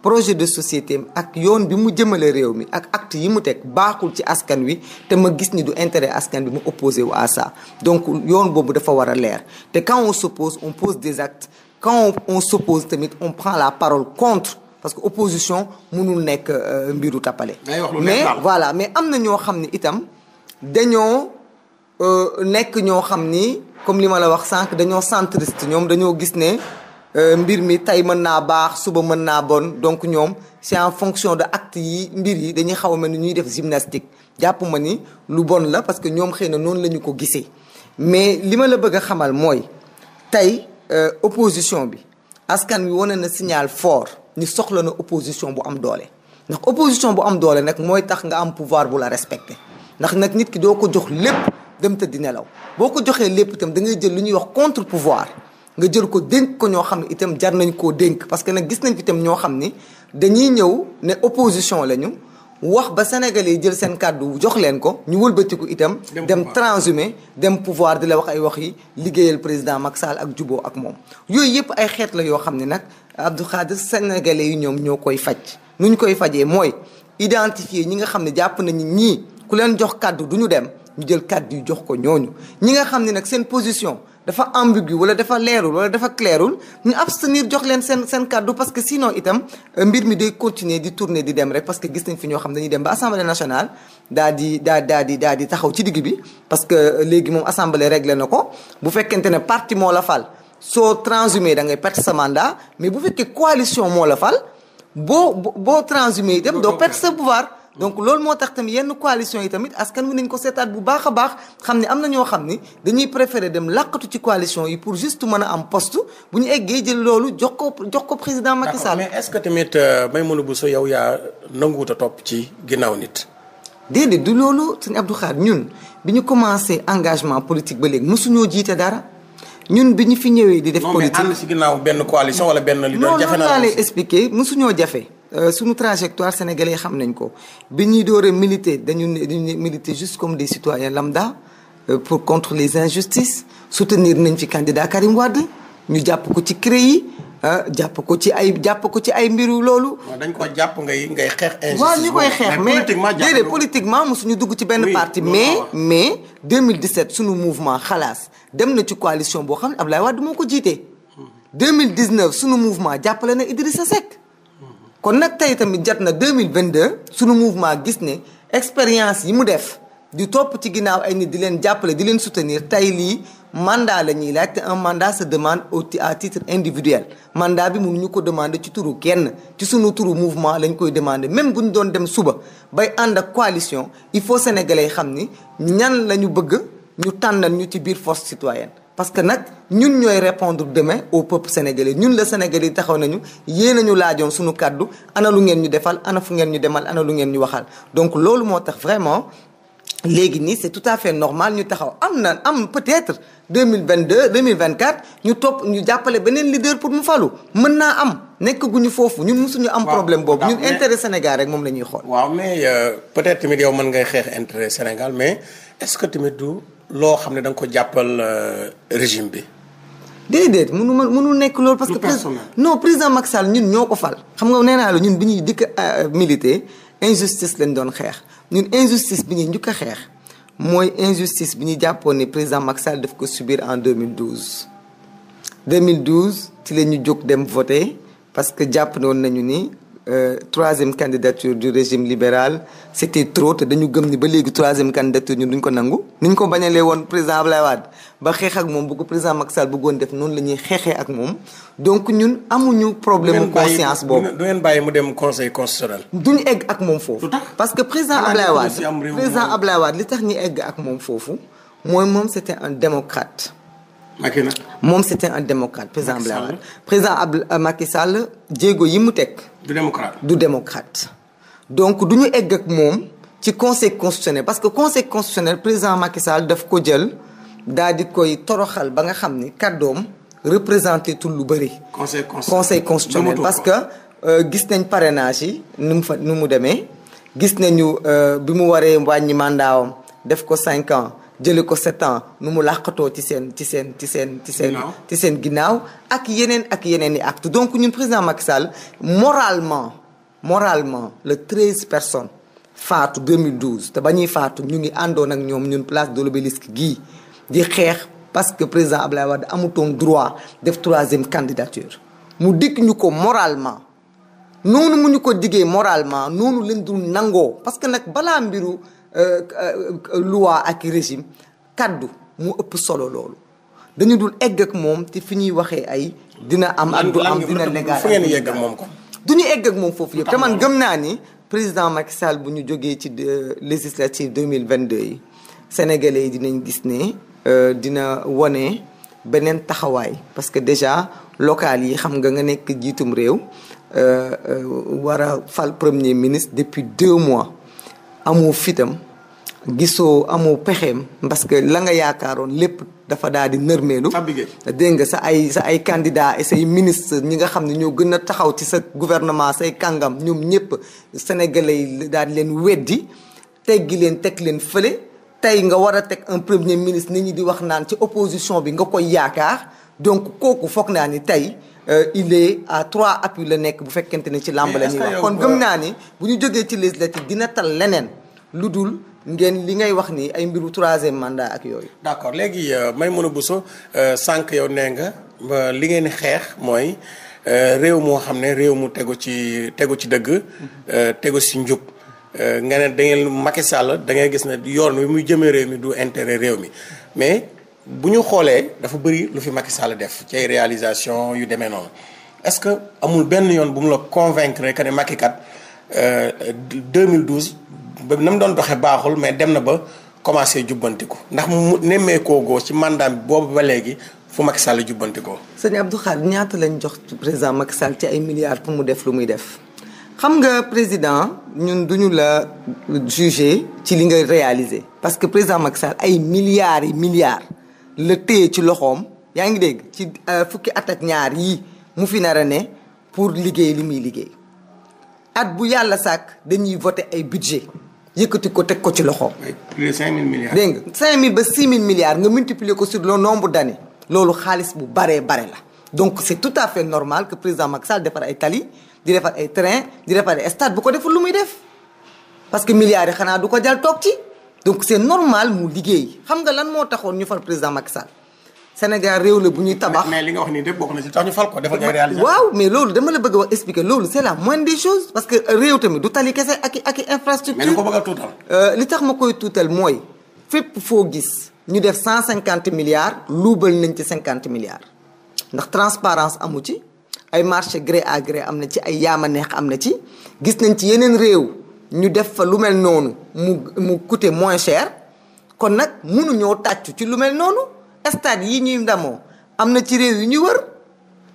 projet de société ak yoon bi mu jëmale réew mi ak acte yi mu teg baaxul ci askan wi te ma gis ni du intérêt askan bi mu opposé wu à ça donc yoon boobu dafa war a leer te quand on s'oppose on pose des actes quand on, on tamit on prend la parole contre parce que opposition mënul nekk euh, mbiru tappale mais voilà mais am na ñoo xam ni itam dañoo euh, nekk ñoo xam ni comme li ma la wax sànq dañoo centriste ñoom dañoo gis ne euh, mbir mi tey mën naa baax suba mën naa bon donc ñoom c'est en fonction de acte yi mbir yi dañuy xaw a ni ñuy def gymnastique jàpp ma ni lu bon la parce que ñoom xëy na noonu la ñu ko gisee mais li ma la bëgg a xamal mooy tey opposition bi askan wi wane na signal fort ni soxla na opposition bu am doole ndax opposition bu am doole nag mooy tax nga am pouvoir bu la respecté ndax nag nit ki doo ko jox lépp dem tëdd nelaw boo ko joxee lépp tam da ngay jël lu ñuy wax contre pouvoir nga jël ko dénk ko ñoo xam ne itam jar nañ koo dénk parce que nag gis nañ fi itam ñoo xam ni dañuy ñëw ne opposition lañu wax ba sénégalais yi jël seen kàddu jox leen ko ñu wëlbatiku itam dem transhumé dem pouvoir di la wax ay wax yi liggéeyal président Macky Sall ak juboo ak moom yooyu yëpp ay xeet la yoo xam ne nag Abdou Khadir sénégalais yi ñoom ñoo koy faj nu ñu koy fajee mooy identifier ñi nga xam ne jàpp nañu ñii ku leen jox kàddu du ñu dem ñu jël kàddu yi jox ko ñooñu ñi nga xam ne nag seen position dafa ambigu wala dafa leerul wala dafa clairul ñu abstenir jox leen seen seen kàddu parce que sinon itam euh, mbir mi day continuer di tourner di dem rek parce que gis nañ fi ñoo xam dañuy dem ba assemblée nationale daa di daa daa di daa di taxaw ci digg bi parce que euh, léegi moom assemblée réglé na ko bu fekkente ne parti moo la fal soo transhumé da ngay perte sa mandat mais bu fekkee coalition moo la fal boo boo transhumé itam doo perte sa pouvoir donc loolu moo tax tamit yenn coalition yi tamit askan wi nañ ko seetaat bu baax a baax xam ne am na ñoo xam ni dañuy préférer dem làqatu ci coalition yi pour juste mën a am poste bu ñu eggee jël loolu jox ko jox ko président Macky Sall. mais est-ce que tamit euh, Maimouna Bousso yow yaa nanguwut a topp ci ginnaaw nit. déedéet du loolu sëñ Abdou Khadre ñun bi ñu commencé engagement politique ba léegi mosuñoo jiite dara ñun bi ñu fi ñëwee. di def politique non mais ànd si ginnaaw benn coalition wala benn. li doon jafe na jafe. Euh, sunu trajectoire sénégalais yi xam nañ ko bi ñuy doore militer dañu dañu militer juste comme des citoyens lambda euh, pour contre les injustices soutenir nañ fi candidat Karim Wade ñu jàpp ko ci CREI yi euh, jàpp ko ci ay jàpp ko ci ay mbiru loolu. dañ ko jàpp ngay ngay xeex injustice. waaw ñu mais déedéet politiquement mosuñu dugg ci benn parti mais mais 2017 suñu mouvement xalaas dem na ci coalition boo xam ne Abdoulaye Wade moo ko jiitee 2019 suñu mouvement jàppale na Idrissa Seck kon nag tey tamit jot na 2022 sunu mouvement gis ne expérience yi mu def di topp ci ginnaaw ay nit di leen jàppale di leen soutenir tey lii mandat la ñuy laaj te un mandat se demande au à titre individuel mandat bi ñu ko demander ci turu kenn ci suñu turu mouvement lañ koy demander même bu ñu doon dem suba bay ànd ak coalition il faut sénégalais xam ni ñan la ñu bëgg ñu tànnal ñu ci biir force citoyenne. parce que nag ñun ñooy répondre demain au peuple sénégalais ñun la sénégalais taxaw nañu yéen nañu laajoom suñu kàddu ana lu ngeen ñu defal ana fu ngeen ñu demal ana lu ngeen ñu waxal donc loolu moo tax vraiment léegi nii c'est tout à fait normal ñu taxaw am na am peut-être deux mille vingt 2022 2024 ñu topp ñu jàppale beneen leader pour mu falu mën naa am nekk gu ñu foofu ñun mësuñu am problème boobu ñun ah, intérêt Sénégal rek moom la ñuy xool waaw mais euh, peut-être tamit yow mën ngay xeex Sénégal mais est-ce que tamit du loo xam ne da nga ko jàppal euh, régime bi. déedéet mënu ma mënu nekk loolu. parce que président non président Macky ñun ñoo ko fal. xam nga nee naa ñun bi ñuy dikk euh, militer injustice lañ doon xeex ñun injustice bi ñuy njëkk a xeex mooy injustice bi ñu jàppoon ne président Macky def daf ko subir en 2012. 2012 ci la ñu jóg dem voter parce que jàpp noon nañu nii Euh, troisième candidature du régime libéral c'était trop te dañu gëm ni ba léegi troisième candidature ñun duñ ko nangu. ni ñu ko bañalee woon président Ablaye Wade ba xeex ak moom bu ko président Macky Sall bëggoon def noonu la ñuy xeexee ak moom donc ñun amuñu problème. mu conscience boobu du bàyyi mu dem conseil constitutionnel. duñu egg ak moom foofu. parce que président Ablaye Wade président Ablaye Wade li tax ñu egg ak moom foofu mooy moom c'était un démocrate. Macky moom c'était un démocrate président Abdoulaye Wade président Abdoulaye euh, Macky Sall jéego yi mu teg. du démocrate du démocrate. donc du ñu egg moom ci conseil constitutionnel parce que conseil constitutionnel président Macky Sall daf ko jël daal di koy toroxal ba nga xam ni doom représenté tul lu bëri. conseil constitutionnel conseil constitutionnel parce que euh, gis nañ parrainage yi nu fa nu mu demee gis nañu euh, bi mu waree wàññi mandaawam def ko cinq ans. jële ko sept ans nu mu làqatoo ci seen ci seen ci seen ci seen ci seen ginnaaw ak yeneen ak yeneen i acte donc ñun président Macky Sall moralement moralement le treize personnes faatu 2012 te ba ñuy faatu ñu ngi àndoon ak ñoom ñun place de l'obélisque gii di xeex parce que président Abdoulaye Wade amutoon droit def troisième candidature mu dikk ñu ko moralement noonu mu ñu ko diggee moralement noonu leen dul nangoo parce que nag balaa mbiru Euh, euh, loi ak régime kàddu mu ëpp solo loolu dañu dul egg ak moom te fi ñuy waxee ay dina am ak du am dina légal fu ngeen yegg ak moom ko du ñu egg ak moom foofu yëpp te man gëm naa ni président Macky Sall bu ñu jógee ci euh, législative 2022 yi sénégalais yi dinañ gis ne dina wone beneen taxawaay parce que déjà local yi xam nga nga nekk jiitum réew war a fal premier ministre depuis deux mois amu fitam gisoo amu pexeem parce que la nga yaakaaroon lépp dafa daal di nërmeelu dégg nga sa ay sa ay candidat say ministre ñi nga xam ne ñoo gën a taxaw ci sa gouvernement say kàngam ñoom ñëpp sénégalais yi daal di leen weddi teggi leen teg leen fële tey nga war a teg un premier ministre nit ñi di wax naan ci opposition bi nga koy yaakaar donc kooku foog naa ni tey Euh, il est à trois appuis la nekk bu fekkente ne ci làmb la ñuy wax kon gëm naa ni bu ñu jógee ci législative dina tal leneen lu dul ngeen li ngay wax ni ay mbiru troisième mandat ak yooyu. d' accord léegi euh, Maimouna Bousso euh, sànq yow nee nga li ngeen xeex mooy réew moo xam ne réew mu tegu ci tegu ci dëgg. tegu si njub. nga ne da ngeen Macky Sall da ngay gis ne yoon muy jëmee réew mi du intére réew mi mais. bu ñu xoolee dafa bëri lu fi Macky Sall def ci ay réalisation yu demee noonu est-ce que amul benn yoon bu mu la convaincre que ne Macky kat 2012 euh, ba na mu doon doxee baaxul mais dem na ba commencé jubbantiku ndax mu nemmeekoo goo ci mandat boobu ba léegi fu Macky Sall jubbantikoo. sëñ Abdou Khadre ñaata lañ jox président Macky Sall ci ay milliards pour mu def lu muy def. xam nga président ñun duñu la juger ci li nga réaliser parce que président Macky Sall ay milliards yi milliards. la téye ci loxoom yaa ngi dégg ci euh, fukki at ak ñaar yii mu fi nar ne pour liggéey li muy liggéey at bu yàlla sàkk dañuy voté ay budget yëkkati ko teg ko ci loxoom. plus de 5000 milliards. dégg nga 5000 milliards nga multiplier ko sur le nombre d' années loolu xaalis bu baree bare la donc c' est tout à fait normal que président Macky Sall defar ay tali di defar ay train di defar ay stade bu ko deful lu muy def parce que milliards xanaa du ko jal toog ci. donc c'est normal mu liggéey xam nga lan moo taxoon ñu fal président Macky Sall Sénégal réew la bu ñuy tabax. mais li nga wax nii lépp bokk na ci tax ñu fal ko defal ay waaw mais loolu dama la bëgg a wax expliquer loolu c'est la moindre des choses que réew tamit du tali kese ak ak i infrastructure. mais ko bëgg euh, li tax ma koy tuutal mooy fépp foo gis ñu def cent cinquante milliards luubal nañ ci cinquante milliards ndax transparence amu ci ay marché gré à gré am na ci ay yaama neex am na ci gis nañ ci yeneen réew. ñu def fa lu mel noonu mu mu coûter moins cher kon nag munu mënuñoo tàccu ci lu mel noonu stade yi ñuy ndamoo am na ci réew yu ñu wër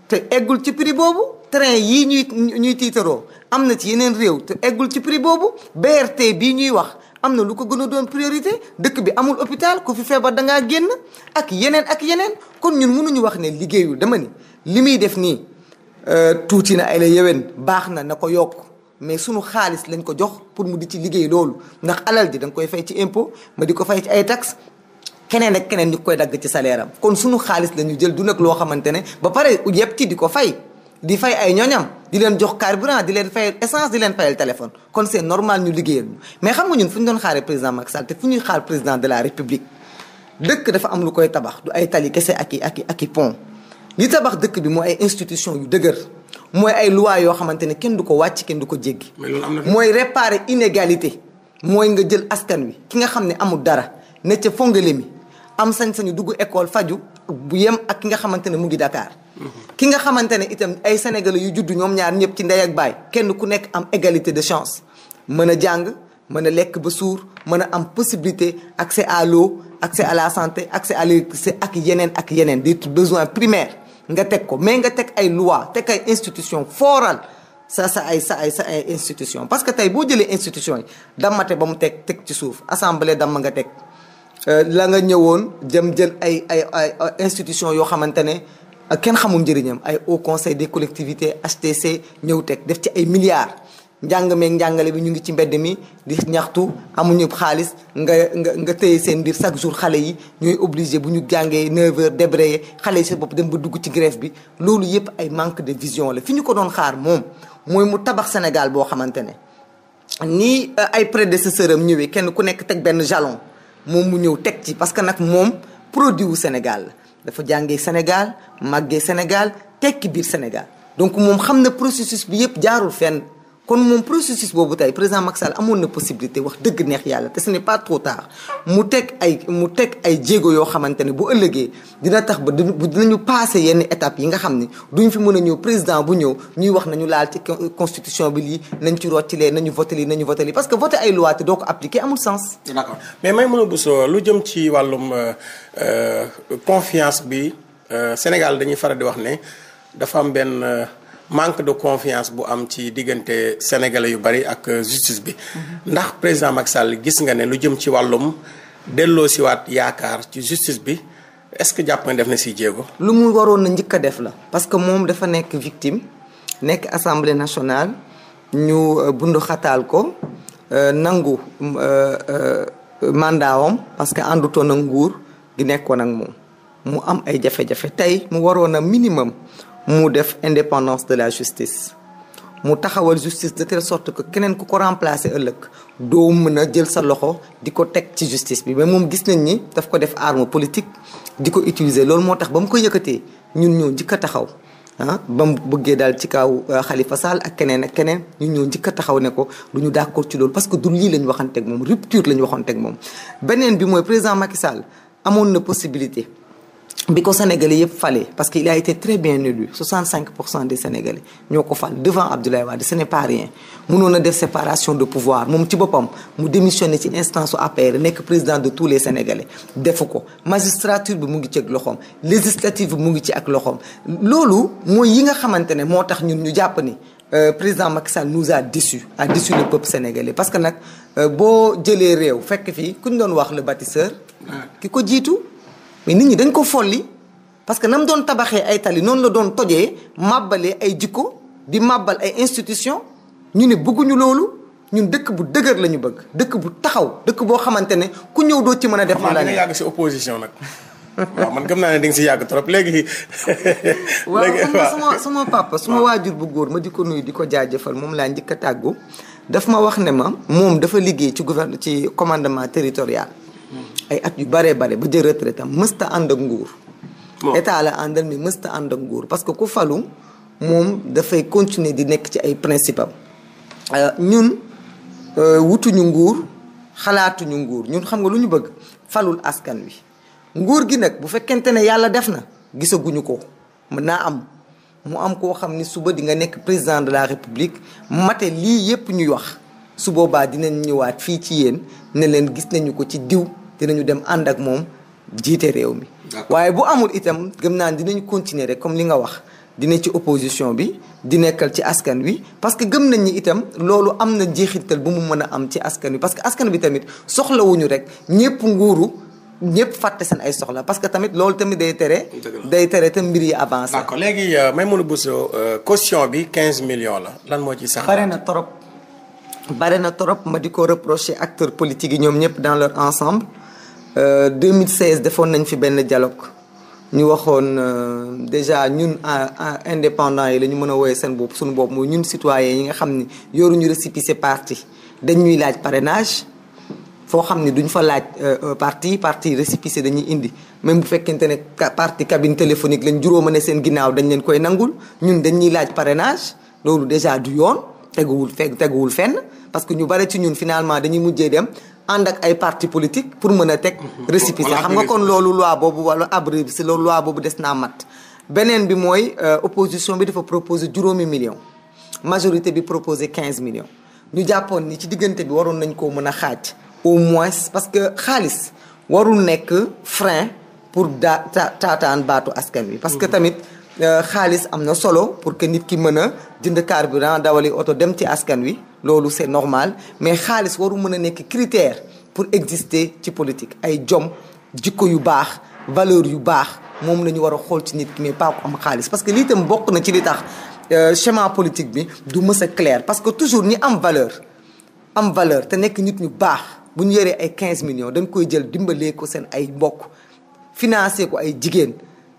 te eggul ci prix boobu train yii ñuy ñuy tiitaroo am na ci yeneen réew te eggul ci prix boobu BRT bii ñuy wax am na lu ko gën a doon priorité dëkk bi amul hôpital ku fi feebar da ngaa génn ak yeneen ak yeneen kon ñun mënuñu wax ne liggéeyul dama ni li muy def nii euh, tuuti na ay la yéwén baax na na ko yokk mais sunu xaalis lañ ko jox pour mu di ci liggéey loolu ndax alal ji da koy fay ci impôt ma di ko fay ci ay taxes keneen ak keneen ñu koy dagg ci salaire am kon sunu xaalis la jël du nag loo xamante ne ba pare yëpp ci di ko fay di fay ay ñoñam di leen jox carburant di leen fayal essence di leen fayal téléphone kon seen normal ñu liggéeyal mais xam nga ñun fu ñu doon xaare président Macky Sall te fu ñuy xaar président de la république dëkk dafa am koy tabax du ay tali kese ak i ak ak i pont li tabax dëkk bi moo ay institution dëgër mooy ay loi yoo xamante ne kenn du ko wàcc kenn du ko jéggi. mooy réparer inégalité. mooy nga jël askan wi ki nga xam ne amul dara ne ca fongale mi am sañ-sañu dugg école faju bu yem ak ki nga xamante ne mu ngi Dakar. Mhm. ki nga xamante ne itam ay sénégalais yu juddu ñoom ñaar ñëpp ci ndey ak baay kenn ku nekk am égalité de chance mën a jàng mën a lekk ba suur mën a am possibilité accès à l'eau accès à la santé accès ak yeneen ak yeneen des besoins primaires. nga teg ko mais nga teg ay loi teg ay institution fooral sa sa ay sa ay sa ay institution parce que tey boo jëlee institution yi dammate ba mu teg teg ci suuf assemblée damm nga teg euh, la nga ñëwoon jëm jël ay ay ay institution yoo xamante ne kenn xamul njëriñam ay haut conseil des collectivité HTC ñëw teg def ci ay milliards njàngamee njàngale bi ñu ngi ci mbedd mi di ñaxtu amuñu xaalis nga nga nga téye seen biir chaque jour xale yi ñooy obligé bu ñu jàngee 9h débrayé xale yi sa bopp dem ba dugg ci grève bi loolu yëpp ay manque de vision la fi ñu ko doon xaar moom mooy mu tabax Sénégal boo xamante ne nii euh, ay prédécesseur am ñëwee kenn ku nekk teg benn jalon moom mu ñëw teg ci parce que nag moom produit wu Sénégal dafa jàngee Sénégal màggee Sénégal tekki biir Sénégal donc moom xam na processus bi yëpp jaarul fenn kon moom processus boobu tey président Macky Sall amoon na possibilité wax dëgg neex yàlla te ce n'est pas trop tard mu teg ay mu teg ay jéego yoo xamante ne bu ëllëgee dina tax ba dinañu passé yenn étapes yi nga xam ne duñ fi mën a ñëw président bu ñëw ñuy wax nañu laal ci constitution bi lii nañ ci roccilee nañu voté lii nañu voté lii parce que voté ay loi te doo ko appliqué amul sens. d'accord mais may mën a Bousso lu jëm ci wàllum euh, euh, confiance bi euh, Sénégal dañuy faral di wax ne dafa am benn. manque de confiance bu am ci diggante sénégalais yu bari ak euh, justice bi mm-hmm. ndax président Macky Sall gis nga ne lu jëm ci wàllum delloo siwaat yaakaar ci justice bi est-ce que jàpp nga def na si jéego lu mu waroon na njëkk a def la parce que moom dafa nekk victime nekk assemblée nationale ñu euh, bundu xataal ko euh, nangu mandaawam parce que àndutoon ak nguur gi nekkoon ak moom mu am ay jafe-jafe tey mu waroon a minimum mu def indépendance de la justice mu taxawal justice de telle sorte que keneen ku ko remplacer ëllëg doo mën a jël sa loxo di ko teg ci justice bi mais moom gis nañ ni daf ko def arme politique di ko utiliser loolu moo tax ba mu ko yëkkatee ñun ñoo njëkk a taxaw ah ba mu bëggee daal ci kaw euh, Khalifa Sall ak keneen ak keneen ñu ñoo njëkk a taxaw ne ko du ñu d'accord ci loolu parce que du lii la ñu waxanteeg moom rupture la ñu teg moom. beneen bi mooy président Macky amoon na possibilité. bi ko Sénégalais yëpp falee parce que il a été très bien élu 65 pour cent des Sénégalais ñoo ko fal devant Abdoulaye Wade ce n'est pas def séparation de pouvoir moom ci boppam mu démissionné ci instance su APR nekk président de tous les Sénégalais defu ko magistrature bi mu ngi ci ak loxoom législative bi mu ngi ci ak loxoom loolu mooy yi nga xamante ne moo tax ñun ñu jàpp ni euh, président Macky Sall nous a déçu a déçu le peuple sénégalais parce que nag euh, boo jëlee réew fekk fii ku ñu doon wax le bâtisseur ki ko jiitu mais nit ñi dañ ko folli parce que nam doon tabaxee ay tali noonu la doon tojee màbbalee ay jikko di màbbal ay institution ñu ne bëgguñu loolu ñun dëkk bu dëgër la ñu bëgg dëkk bu taxaw dëkk boo xamante ne ku ñëw doo ci mën a def la nga yàgg si opposition nag waaw man gëm naa ne di si yàgg trop léegi waaw suma suma papa suma waajur bu góor ma di ko nuyu di ko jaajëfal moom laa njëkk a tàggu dafa ma wax ne ma moom dafa liggéey ci gouvernement ci commandement territorial ay at yu baree bare ba jël retraite am mësta ànd ak nguur état la àndal mais mësta ànd ak nguur parce que ku falu moom dafay continuer di nekk ci ay principal am euh, ñun euh, wutuñu nguur xalaatuñu nguur ñun xam nga lu ñu bëgg falul askan wi nguur gi nag bu fekkente ne yàlla def na gisaguñu ko mën naa am mu am koo xam ni suba di nga nekk président de la république mate lii yépp ñuy wax su boobaa dinañ ñëwaat fii ci yéen ne leen gis nañu ko ci diw dinañu dem ànd ak moom jiite réew mi. waaye bu amul itam gëm naa dinañ continuer rek comme li nga wax dina ci opposition bi di nekkal ci askan wi parce que gëm nañ ni itam loolu am na jeexital bu mu mën a am ci askan wi parce que askan bi tamit soxlawuñu rek ñëpp nguuru. ñëpp fàtte seen ay soxla parce que tamit loolu tamit day tere. day tere te mbir yi avancé. d'accord léegi euh, Maimouna Bousso euh, caution bi 15 million la lan moo ci sax. bare na trop bare na trop ma di ko reprocher acteurs politiques yi ñoom ñëpp dans leur ensemble. 2016 euh, defoon nañ fi benn dialogue ñu waxoon euh, déjà ñun euh, indépendant yi la ñu mën a wooye seen bopp suñu bopp mooy ñun citoyen yi nga xam ni yoruñu récépissé parti dañ ñuy laaj parenage foo xam ni duñ fa laaj parti parti récépissé dañuy indi même bu fekkente ne parti cabine téléphonique lañ juróoma ne seen ginnaaw dañ leen koy nangul ñun dañ laaj parenage loolu déjà du yoon teguwul fe teguwul fenn parce que ñu bare ci ñun finalement dañuy mujjee dem and ak ay parti politique pour mën a teg mhm. Mhm. récépissé xam nga kon loolu loi boobu wala abri si loolu loi boobu des naa mat beneen bi mooy euh, opposition bi dafa proposé juróomi million majorité bi proposé quinze millions ñu jàppoon ni ci diggante bi waroon nañ koo mën a xaaj au moins parce que xaalis warul nekk frein pour daa taataan baatu askan wi parce que mhm. tamit Euh, xaalis am na solo pour que nit ki mën a jënd carburant dawali oto dem ci askan wi loolu c'est normal mais xaalis waru mën a nekk critère pour exister ci politique ay jom jikko yu baax valeur yu baax moom la ñu war a xool ci nit ki mais pas am xaalis parce que lii tam bokk na ci li tax euh, schéma politique bi du mës a clair parce que toujours ñi am valeur am valeur te nekk nit ñu baax bu ñu yoree ay 15 millions dañ koy jël dimbalee ko seen ay mbokk financé ko ay jigéen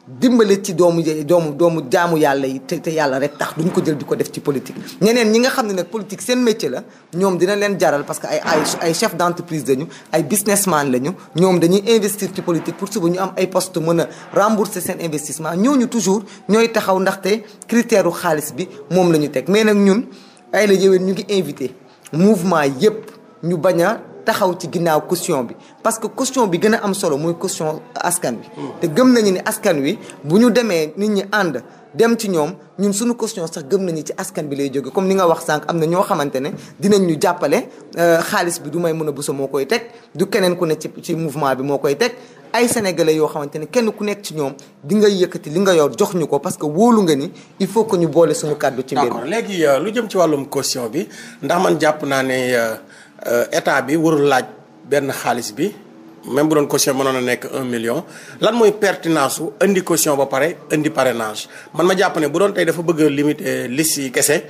dimbale ci doomu doomu doomu jaamu yàlla yi te yàlla rek tax duñ ko jël di ko def ci politique ñeneen ñi nga xam ne nag politique seen métier la ñoom dina leen jaral parce que ay ay ay chef d'entreprise lañu ay businessman lañu ñoom dañuy investir ci politique pour suba ñu am ay poste mën a rembourser seen investissement ñooñu toujours ñooy taxaw ndaxte critère xaalis bi moom la ñu teg mais nag ñun ay la yëwéen ñu ngi invité mouvement yépp ñu bañ a taxaw ci ginnaaw caution bi parce que caution bi gën a am solo muy caution askan bi te gëm nañu ni askan wi bu ñu demee nit ñi ànd dem ci ñoom ñun sunu caution sax gëm nañu ci askan bi lay jóge comme ni nga wax sànq am na ñoo xamante ne dinañ ñu jàppale euh, xaalis bi du may mën a busa moo koy teg du keneen ku ne ci ci mouvement bi moo koy teg. ay sénégalais yoo xamante ne kenn ku nekk ci ñoom di nga yëkkati li nga yor jox ñu ko parce que wóolu nga ni il faut que ñu boole suñu kàddu. ci mbir mi d'accord euh, lu jëm ci wàllum caution bi ndax jàpp naa ne. Euh, Euh, état bi warul laaj benn xaalis bi même bu doon caution mënoon a nekk un million lan mooy pertinance u indi costion ba pare indi parrainage man ma jàpp ne bu doon tey dafa bëgg a limiter yi kese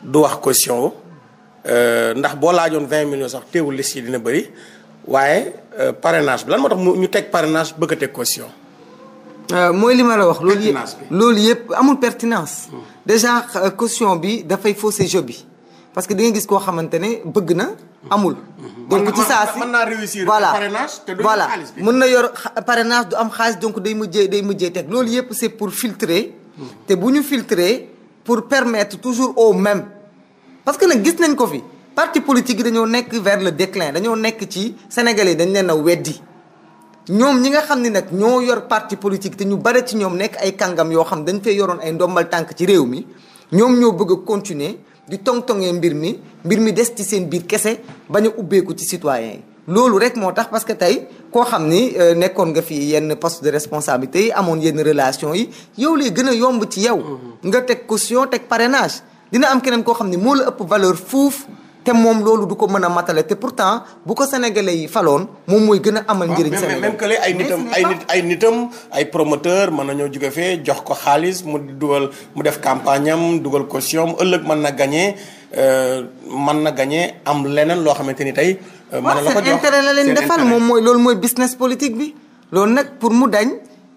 du wax caution euh, ndax boo laajoon vingt millions sax teewul liste yi dina bëri waaye euh, parrainage bi lan moo tax ñu teg parrainage bëgg a teg caution. mooy li ma la wax. loolu yëpp loolu yëpp amul pertinance hmm. déjà caution bi dafay fausser jeu bi parce que di gis koo xamante ne bëgg na. amul. Mhm. donc ci saa si mën naa réussir te voilà mën na yor parrainage du am xaalis donc day mujjee day mujjee teg loolu yëpp c'est pour filtrer. Mhm. te bu ñu filtrer pour permettre toujours au même parce que nag gis nañ ko fi parti politique dañoo nekk vers le déclin dañoo nekk ci Sénégalais dañ leen a weddi. ñoom ñi nga xam ni nag ñoo yor parti politique te ñu bare ci ñoom nekk ay kàngam yoo xam dañ fee yoroon ay ndombal tànk ci réew mi ñoom ñoo bëgg a continuer di tong-tongee mbir mi mbir mi des ci seen biir kese ba ñu ubbeeku ci citoyen yi loolu rek moo tax parce que tey koo xam ni euh, nekkoon nga fi yenn poste de responsabilité yi amoon yenn relation yi yow lee gën a yomb ci yow mmh. nga teg caution teg parrainage dina am keneen koo xam ni moo la ëpp valeur fuuf te moom loolu du ko mën a matale te pourtant bu ko sénégalais yi faloon moom mooy gën a amal njëriñ Sénégal même que ay nitam ay nit ay nitam ay promoteur mën na ñoo jóge fee jox ko xaalis mu dugal mu def campagne am dugal caution ëllëg mën na gagné euh, man na gañee am leneen loo xamante ni tey euh, mën na la ko jox intérêt la leen defal moom mooy loolu mooy business politique bi loolu nag pour mu dañ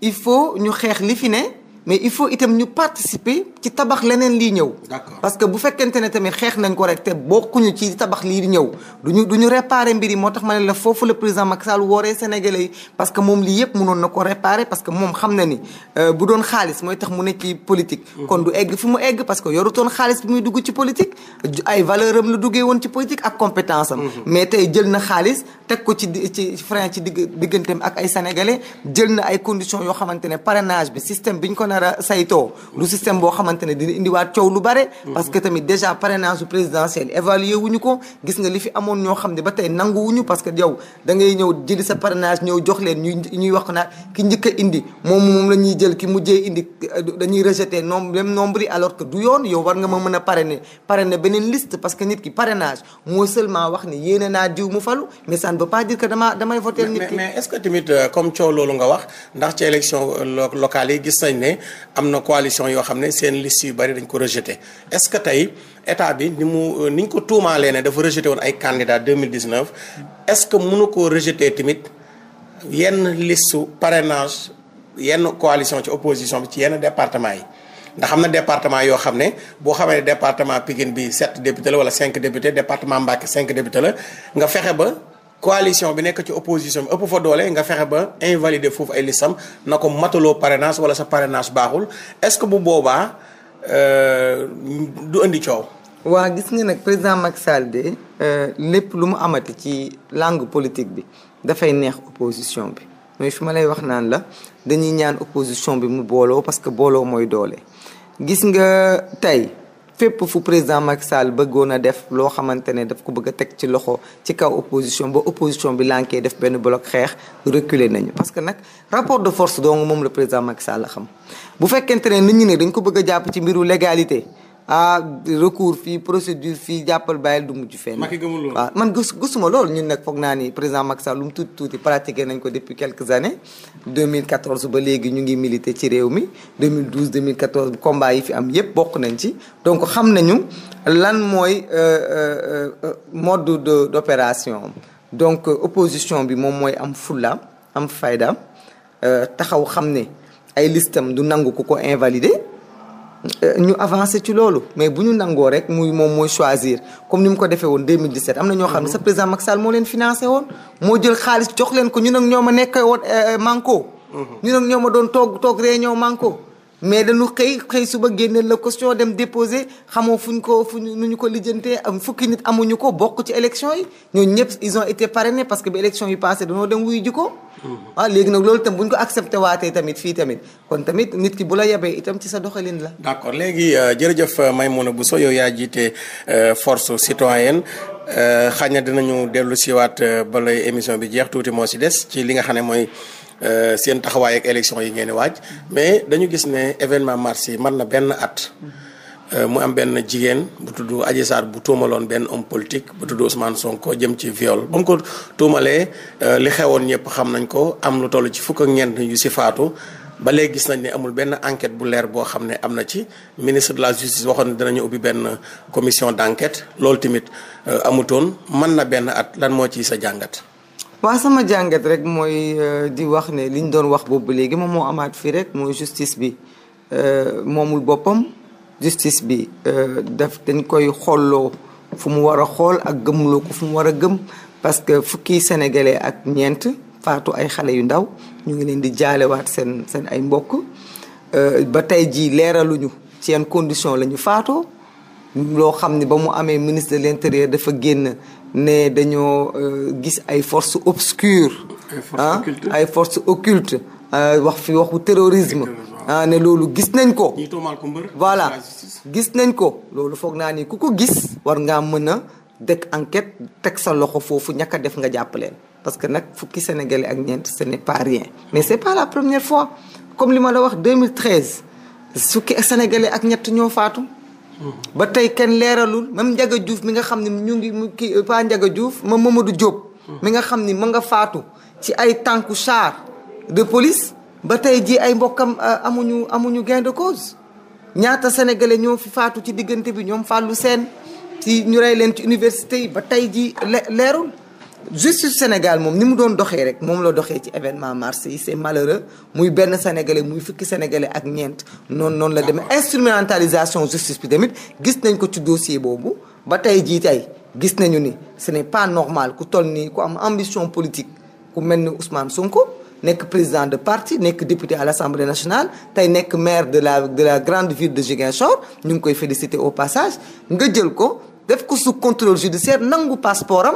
il faut ñu xeex li fi ne mais il faut itam ñu participer ci tabax leneen lii ñëw. parce que bu fekkente ne tamit xeex nañ ko rek te bokkuñu ci tabax lii ñëw du ñu du ñu réparer mbir yi moo tax ma ne la foofu la président Macky saal wooree Sénégalais yi parce que moom lii yëpp mënoon na ko réparer parce que moom xam na ni euh, bu doon xaalis mooy tax mu nekk ci politique. Mm-hmm. kon du egg fu mu egg parce que yorutoon xaalis bi muy dugg ci politique ay valeur am duggee woon ci politique ak compétence mm-hmm. mais tey jël na xaalis teg ko ci ci frein ci digganteem ak ay sénégalais jël na ay conditions yoo xamante ne parrainage bi système bi ñu ko nar a saytoo du système boo xamante ne dina indiwaat coow lu bare parce que tamit déjà parrainage su présidentielle wu ñu ko gis nga li fi amoon ñoo xam ne ba tey nangu wuñu parce que yow da ngay ñëw jëli sa parrainage ñëw jox leen ñuy ñuy wax naa ki njëkk a indi moom moom la ñuy jël ki mujjee indi euh, dañuy rejeté nombre même nombre i alors que du yoon yow war nga ma mën a parrainer parrainer beneen liste parce que nit ki parrainage mooy seulement wax ni yéene naa diw mu falu mais ça ne veut pas dire que dama damay voter nit euh, comme coow loolu wax ndax ci élection euh, locale am na coalition yoo xam ne seen list yu bari dañ ko rejeté est-ce que tey état bi ni mu euh, ni ñu ko tuumaalee ne dafa rejeté woon ay candidats 2019 est-ce que mënu koo rejeté tamit yenn listu parrainage yenn coalition ci opposition bi ci yenn département yi ndax xam na département yoo xam ne boo xamee ne département Pikine bi sept député la wala cinq député département Mbacké cinq député la nga fexe ba coalition bi nekk ci opposition bi ëpp fa doole nga fexe ba invalider foofu ay listam na ko mataloo parrainage wala sa parrainage baaxul est-ce que bu boobaa euh, du indi coow. waa gis nga nag président Macky Sall de euh, lépp lu mu amati ci langue politique bi dafay neex opposition bi mais fi ma lay wax naan la dañuy ñaan opposition bi mu booloo parce que booloo mooy doole gis nga tey. fépp fu président Macky Sall bëggoon a def loo xamante ne daf ko bëgg a teg ci loxo ci kaw opposition ba opposition bi lànkee def benn bloc xeex reculer nañu parce que nag rapport de force donc moom la président Macky Sall xam bu fekkente ne nit ñi ne dañ ko bëgg jàpp ci mbiru légalité ah recours fii procédure fii jàppal bàyyil du mujj fenn. Macky gëmul loolu waaw ah, man gës gësuma lool ñu nag foog naa ni président Macky Sall lu mu tuuti tuuti pratiqué nañ ko depuis quelques années 2014 ba léegi ñu ngi milité ci réew mi 2012 2014 combat yi fi am yépp bokk nañ ci donc xam nañu lan mooy euh, euh, euh, mode de d'opération donc opposition bi moom mooy am fulla am fayda taxaw xam ne ay listam du nangu ku ko invalider. ñu avancer ci loolu mais bu ñu nangoo rek muy moom mooy choisir comme ni mu ko defee woon 2017 am na ñoo xam ne sa président Macky moo leen financé woon moo jël xaalis jox leen ko ñu ak ñoo ma nekk woon euh, manko mhm. ñu ak ñoo ma doon toog toog réunion manko mais dañu xëy xëy suba génneel la caution dem déposer xamoo fuñ ko fu nu ñu ko lijjantee am fukki nit amuñu ko bokk ci élection yi ñu ñëpp ils ont été parrainés parce que bi élection yi passé dañoo dem wuyu ji ko. waaw mm-hmm. ah, nag loolu itam bu ko accepté waatee tamit fii tamit kon tamit nit ki bu la yebee itam ci sa doxalin la. d' accord léegi euh, jërëjëf euh, Maimouna Bousso yow yaa jiite euh, force citoyenne xaj na dinañu dellu siwaat balay émission bi jeex tuuti moo si des ci li nga xam ne mooy. Euh, seen taxawaay ak yi ngeen di waaj mais dañu gis ne événement mars yi man na benn at. Euh, mu am benn jigéen bu tudd aji Sarr bu tuumaloon benn om politique bu tudd Ousmane Sonko jëm ci viol ba mu ko tuumalee euh, li xewoon ñëpp xam nañ ko am lu toll ci fukk ak ñeent si faatu. ba léegi gis nañ ne amul benn enquête bu leer boo xam ne am na ci ministre de la justice waxoon ne dinañu ubbi benn commission d' enquête loolu tamit amutoon mën na benn at lan moo ci sa jàngat. waa sama jàngat rek mooy euh, di wax ne li doon wax boobu léegi moom moo amaat fii rek mooy justice bi euh, moomul boppam justice bi euh, daf dañ koy xolloo fu mu war a xool ak gëmloo ko fu mu war a gëm parce que fukki sénégalais ak ñeent faatu ay xale yu ndaw ñu ngi leen di jaalewaat seen seen ay mbokk ba tey jii leeraluñu ci yan condition la ñu faatoo loo xam ni ba mu amee ministre de l'intérieur dafa génn ne dañoo euh, gis ay forces obscures ah ay forces occultes euh, wax fi waxu terrorisme ah ne loolu gis nañ ko voilà gis nañ ko loolu foog naa ni ku ko gis war ngaa mën a dëkk enquête teg sa loxo foofu ñàkk def nga jàppaleen parce que nag fukki sénégalais ak ñeent ce n'est pas rien mais c'est pas fois comme li ma la wax 2013 fukki sénégalais ak ñett ñoo faatu ba tey kenn leeralul même Ndiaga Diouf mi nga xam ne ñu ngi mu kii euh, pas Ndiaga Diouf ma Mamadou Diop. mi nga xam ni ma nga faatu ci ay tànku char de police ba tey ji ay mbokkam euh, amuñu amuñu gain de cause ñaata sénégalais ñoo fi faatu ci diggante bi ñoom fàllu seen ci ñu rey leen ci université yi ba tey ji leerul justice Sénégal moom ni mu doon doxee rek moom la doxee ci événement mars yi c'est malheureux muy benn sénégalais muy fukki sénégalais ak ñeent noon noonu la demee instrumentalisation justice bi tamit gis nañ ko ci dossier boobu ba tey jii tey gis nañu ni ce n'est pas normal ku toll nii ku am ambition politique ku mel ni sun ko nekk président de parti nekk député à l'Assemblée nationale tey nekk maire de la la grande ville de Ziguinchor ñu ngi koy féliciter au passage nga jël ko def ko sous contrôle judiciaire nangu passeport am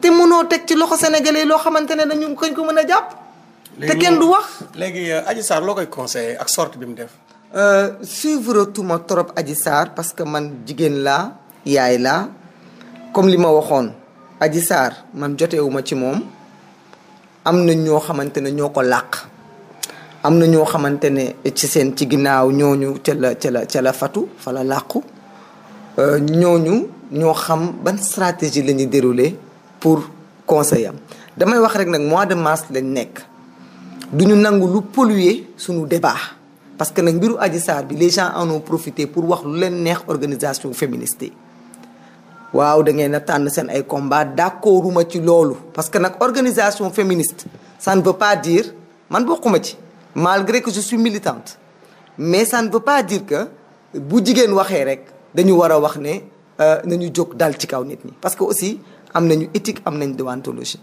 te mënoo teg ci loxo sénégalais loo xamante ne dañu kañ ko mën a jàpp. te kenn du wax. léegi euh, Adji Sarr conseillé ak sorte bi mu def. Euh, suivre tuma trop Adji Sarr parce que man jigéen laa yaay laa comme li ma waxoon aji Sarr man jotewuma ci moom am na ñoo xamante ne ñoo ko làq am na ñoo xamante ne ci seen ci ginnaaw ñooñu ca la ca la ca la fatu fa la làqu euh, ñooñu ñoo xam ban stratégie la ñuy déroulé. pour conseil am damay wax rek nag mois de mars leen nekk du ñu nangu lu polluer suñu débat parce que nag mbiru Adji Sarr bi les gens en ont pour wax lu leen neex organisation féministe yi waaw da ngeen a tànn seen ay combat d'accorduma ci loolu parce que nag organisation féministe ça ne veut pas dire man bokkuma ci malgré que je suis militante mais ça ne veut pas dire que bu jigéen waxee rek dañu war a wax ne euh, nañu jóg dal ci kaw nit ñi parce aussi am na ñu éthique am nañ déontologie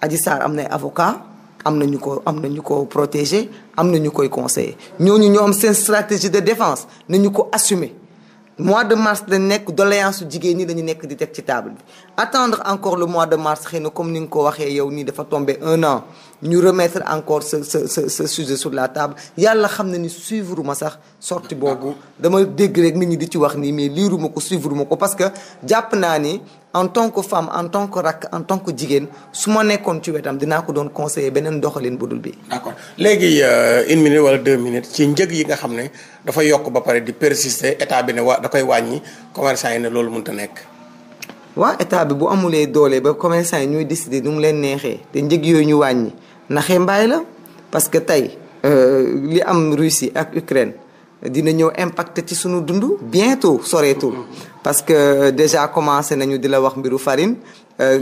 Adji Sarr am nay avocat am nañu ko am na ñu ko protéger am na ñu koy conseiller ñooñu ñoo am seen stratégie de défense ñu ko assumer mois de mars dañ nekk doléance su jigéen ñi dañu nekk di teg ci table bi attendre encore le mois de mars xëy na comme ni nga ko waxee yow nii dafa tombé un an ñu remettre encore ce sa sa ce sujet sur la table yàlla xam na ni suivre ma sax sorti boobu dama dégg rek nit ñi di ci wax nii mais liiru ko suivre ma ko parce que jàpp naa ni en tant que femme en tant que rakk en tant que jigéen su ma nekkoon ci wetam dinaa ko doon conseiller beneen doxalin bu dul bi d'accord léegi euh, une minute wala deux minutes ci njëg yi nga xam ne dafa yokk ba pare di persister état bi ne waa da koy wàññi commerçant yi ne loolu mënut a nekk. waa état bi bu amulee doole ba commerçant yi ñuy décider nu leen neexee njëg yooyu ñu wàññi. naxee mbaay la parce que tey euh, li am Russie ak Ukraine dina ñëw impacté ci sunu dund bientôt soreetul parce que euh, déjà commencé nañu di la wax mbiru farine euh,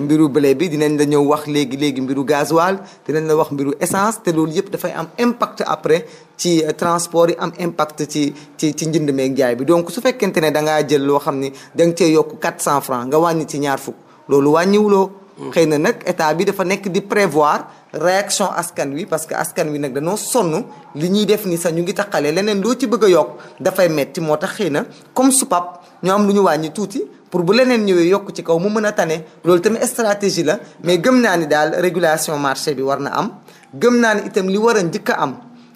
mbiru blé bi dinañ la ñëw wax léegi léegi mbiru gasoil dinañ la wax mbiru essence te loolu yëpp dafay am impact après ci transport yi am impact ci ci ci njënd meeg jaay bi donc su fekkente ne da ngaa jël loo xam ni da nga cee yokk 400 francs nga wàññi ci ñaar xëy na nag état bi dafa nekk di prévoir réaction askan wi parce que askan wi nag dañoo sonn li ñuy def nii sax ñu ngi taxalee leneen loo ci bëgg a yokk dafay metti moo tax xëy na comme supap ñu am lu ñu wàññi tuuti pour bu leneen ñëwee yokk ci kaw mu mën a tane loolu tamit stratégie la mais gëm naa ni daal régulation marché bi war na am gëm naa ni itam li war a njëkk a am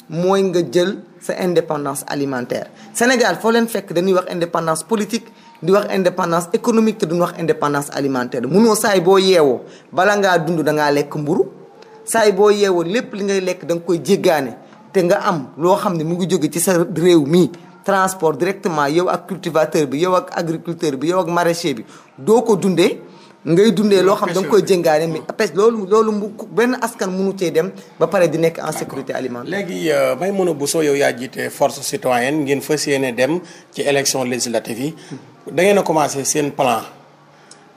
mooy nga jël sa indépendance alimentaire Sénégal foo leen fekk dañuy wax indépendance politique di wax indépendance économique te duñ wax indépendance alimentaire munoo saay boo yeewoo bala ngaa dund da ngaa lekk mburu saay boo yeewoo lépp li ngay lekk danga koy jéggaane te nga am loo xam ne mu ngi jóge ci sa réew mii transport directement yow ak cultivateur bi yow ak agriculteur bi yow ak maraîcher bi doo ko dundee ngay dundee loo xam da nga koy jëngaane mais après loolu loolu benn askan mënu cee dem ba pare di nekk en sécurité alimentaire. léegi euh, Maimouna Bousso yow yaa jiite force citoyenne ngeen fas yéene dem ci élection législative yi da ngeen a commencé seen plan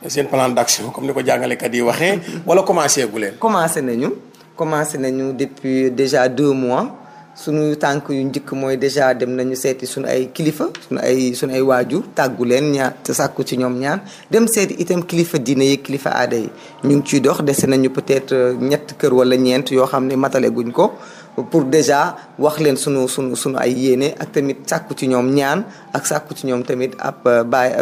seen plan d'action comme ni ko jàngalekat yi waxee. wala commencé gu commencé nañu commencé nañu depuis déjà deux mois. suñu tànk yu njëkk mooy déjà dem nañu seeti suñu ay kilifa suñu ay suñu waajur tàggu leen ñaan te sàkku ci ñoom ñaan dem seeti itam kilifa diine yi kilifa aada yi ñu ngi ciy dox dese nañu peut-être ñett kër wala ñeent yoo xam ne matale guñ ko pour déjà wax leen sunu sunu sunu ay yéene ak tamit sàkku ci ñoom ñaan ak sàkku ci ñoom tamit ab euh, bàyyi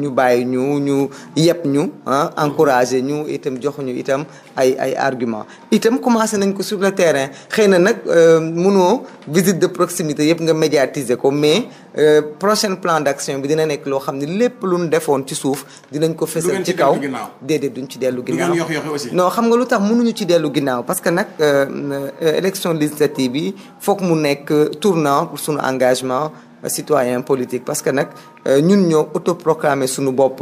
ñu bàyyi ñu ñu yëpp ñu ah encouragé ñu itam jox ñu itam ay ay argument itam commencé nañ ko sur le terrain xëy na nag euh, munoo visite de proximité yëpp nga médiatiser ko mais Euh, prochain plan d'action bi dina nekk loo xam ne lépp lu ñu defoon ci suuf dinañ ko fësal ci kaw déedéet duñ ci dellu ginnaaw noo xam nga lu tax mënuñu ci dellu ginnaaw parce que nag euh, euh, élection législative bi foog mu nekk tournant pour suñu engagement citoyen politique parce que nag ñun ñoo autoproclamé suñu bopp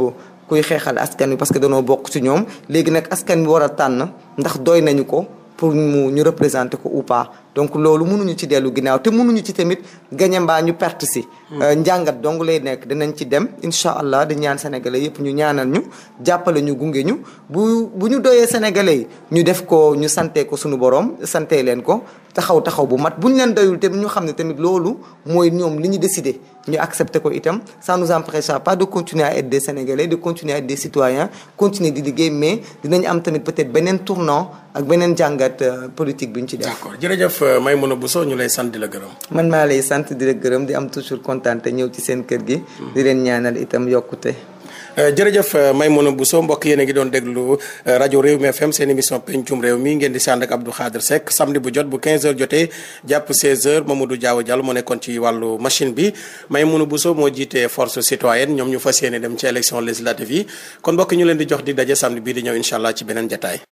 kuy xeexal askan wi parce que danoo bokk ci ñoom léegi nag askan bi war a tànn ndax doy nañu ko pour ñu représenter ko ou pas donc loolu munuñu ci dellu ginnaaw te mënuñu ci tamit gañe ñu perte si. Hmm. Euh, njàngat dong lay nekk dinañ ci dem incha allah di ñaan sénégalais yëpp ñu ñaanal ñu jàppale ñu gunge ñu bu bu ñu doyee sénégalais yi ñu def ko ñu sante ko suñu borom santee leen ko taxaw taxaw bu mat bu ñu leen doyul tamit ñu xam ne tamit loolu mooy ñoom li ñu décidé. ñu accepté ko itam ça nous empêchera pas de continuer à être des sénégalais de continuer à être des continuer di liggéey mais dinañ am tamit peut-être beneen tournant ak beneen jàngat euh, politique bi ñu ci def. d'accord jërëjëf euh, Maimouna Bousso ñu lay sant di la gërëm. man maa lay sant di la gërëm di am toujours kontaan ñëw ci seen kër gi. Hmm. di leen ñaanal itam yokkute. Euh, jërëjëf euh, Maimouna Bousso mbokk yéen a ngi doon déglu euh, rajo réew mi FM seen émission pencum réew mi ngeen di si ànd ak Abdou Khadre bu jot bu 15h jotee jàpp 16h Mamadou Diaw Diallo moo nekkoon ci wàllu machine bi Maimouna Bousso moo jiite force citoyenne ñoom ñu fa yéene dem ci élection législative yi kon mbokk ñu leen di jox di daje samedi bii di ñëw incha allah ci beneen jataay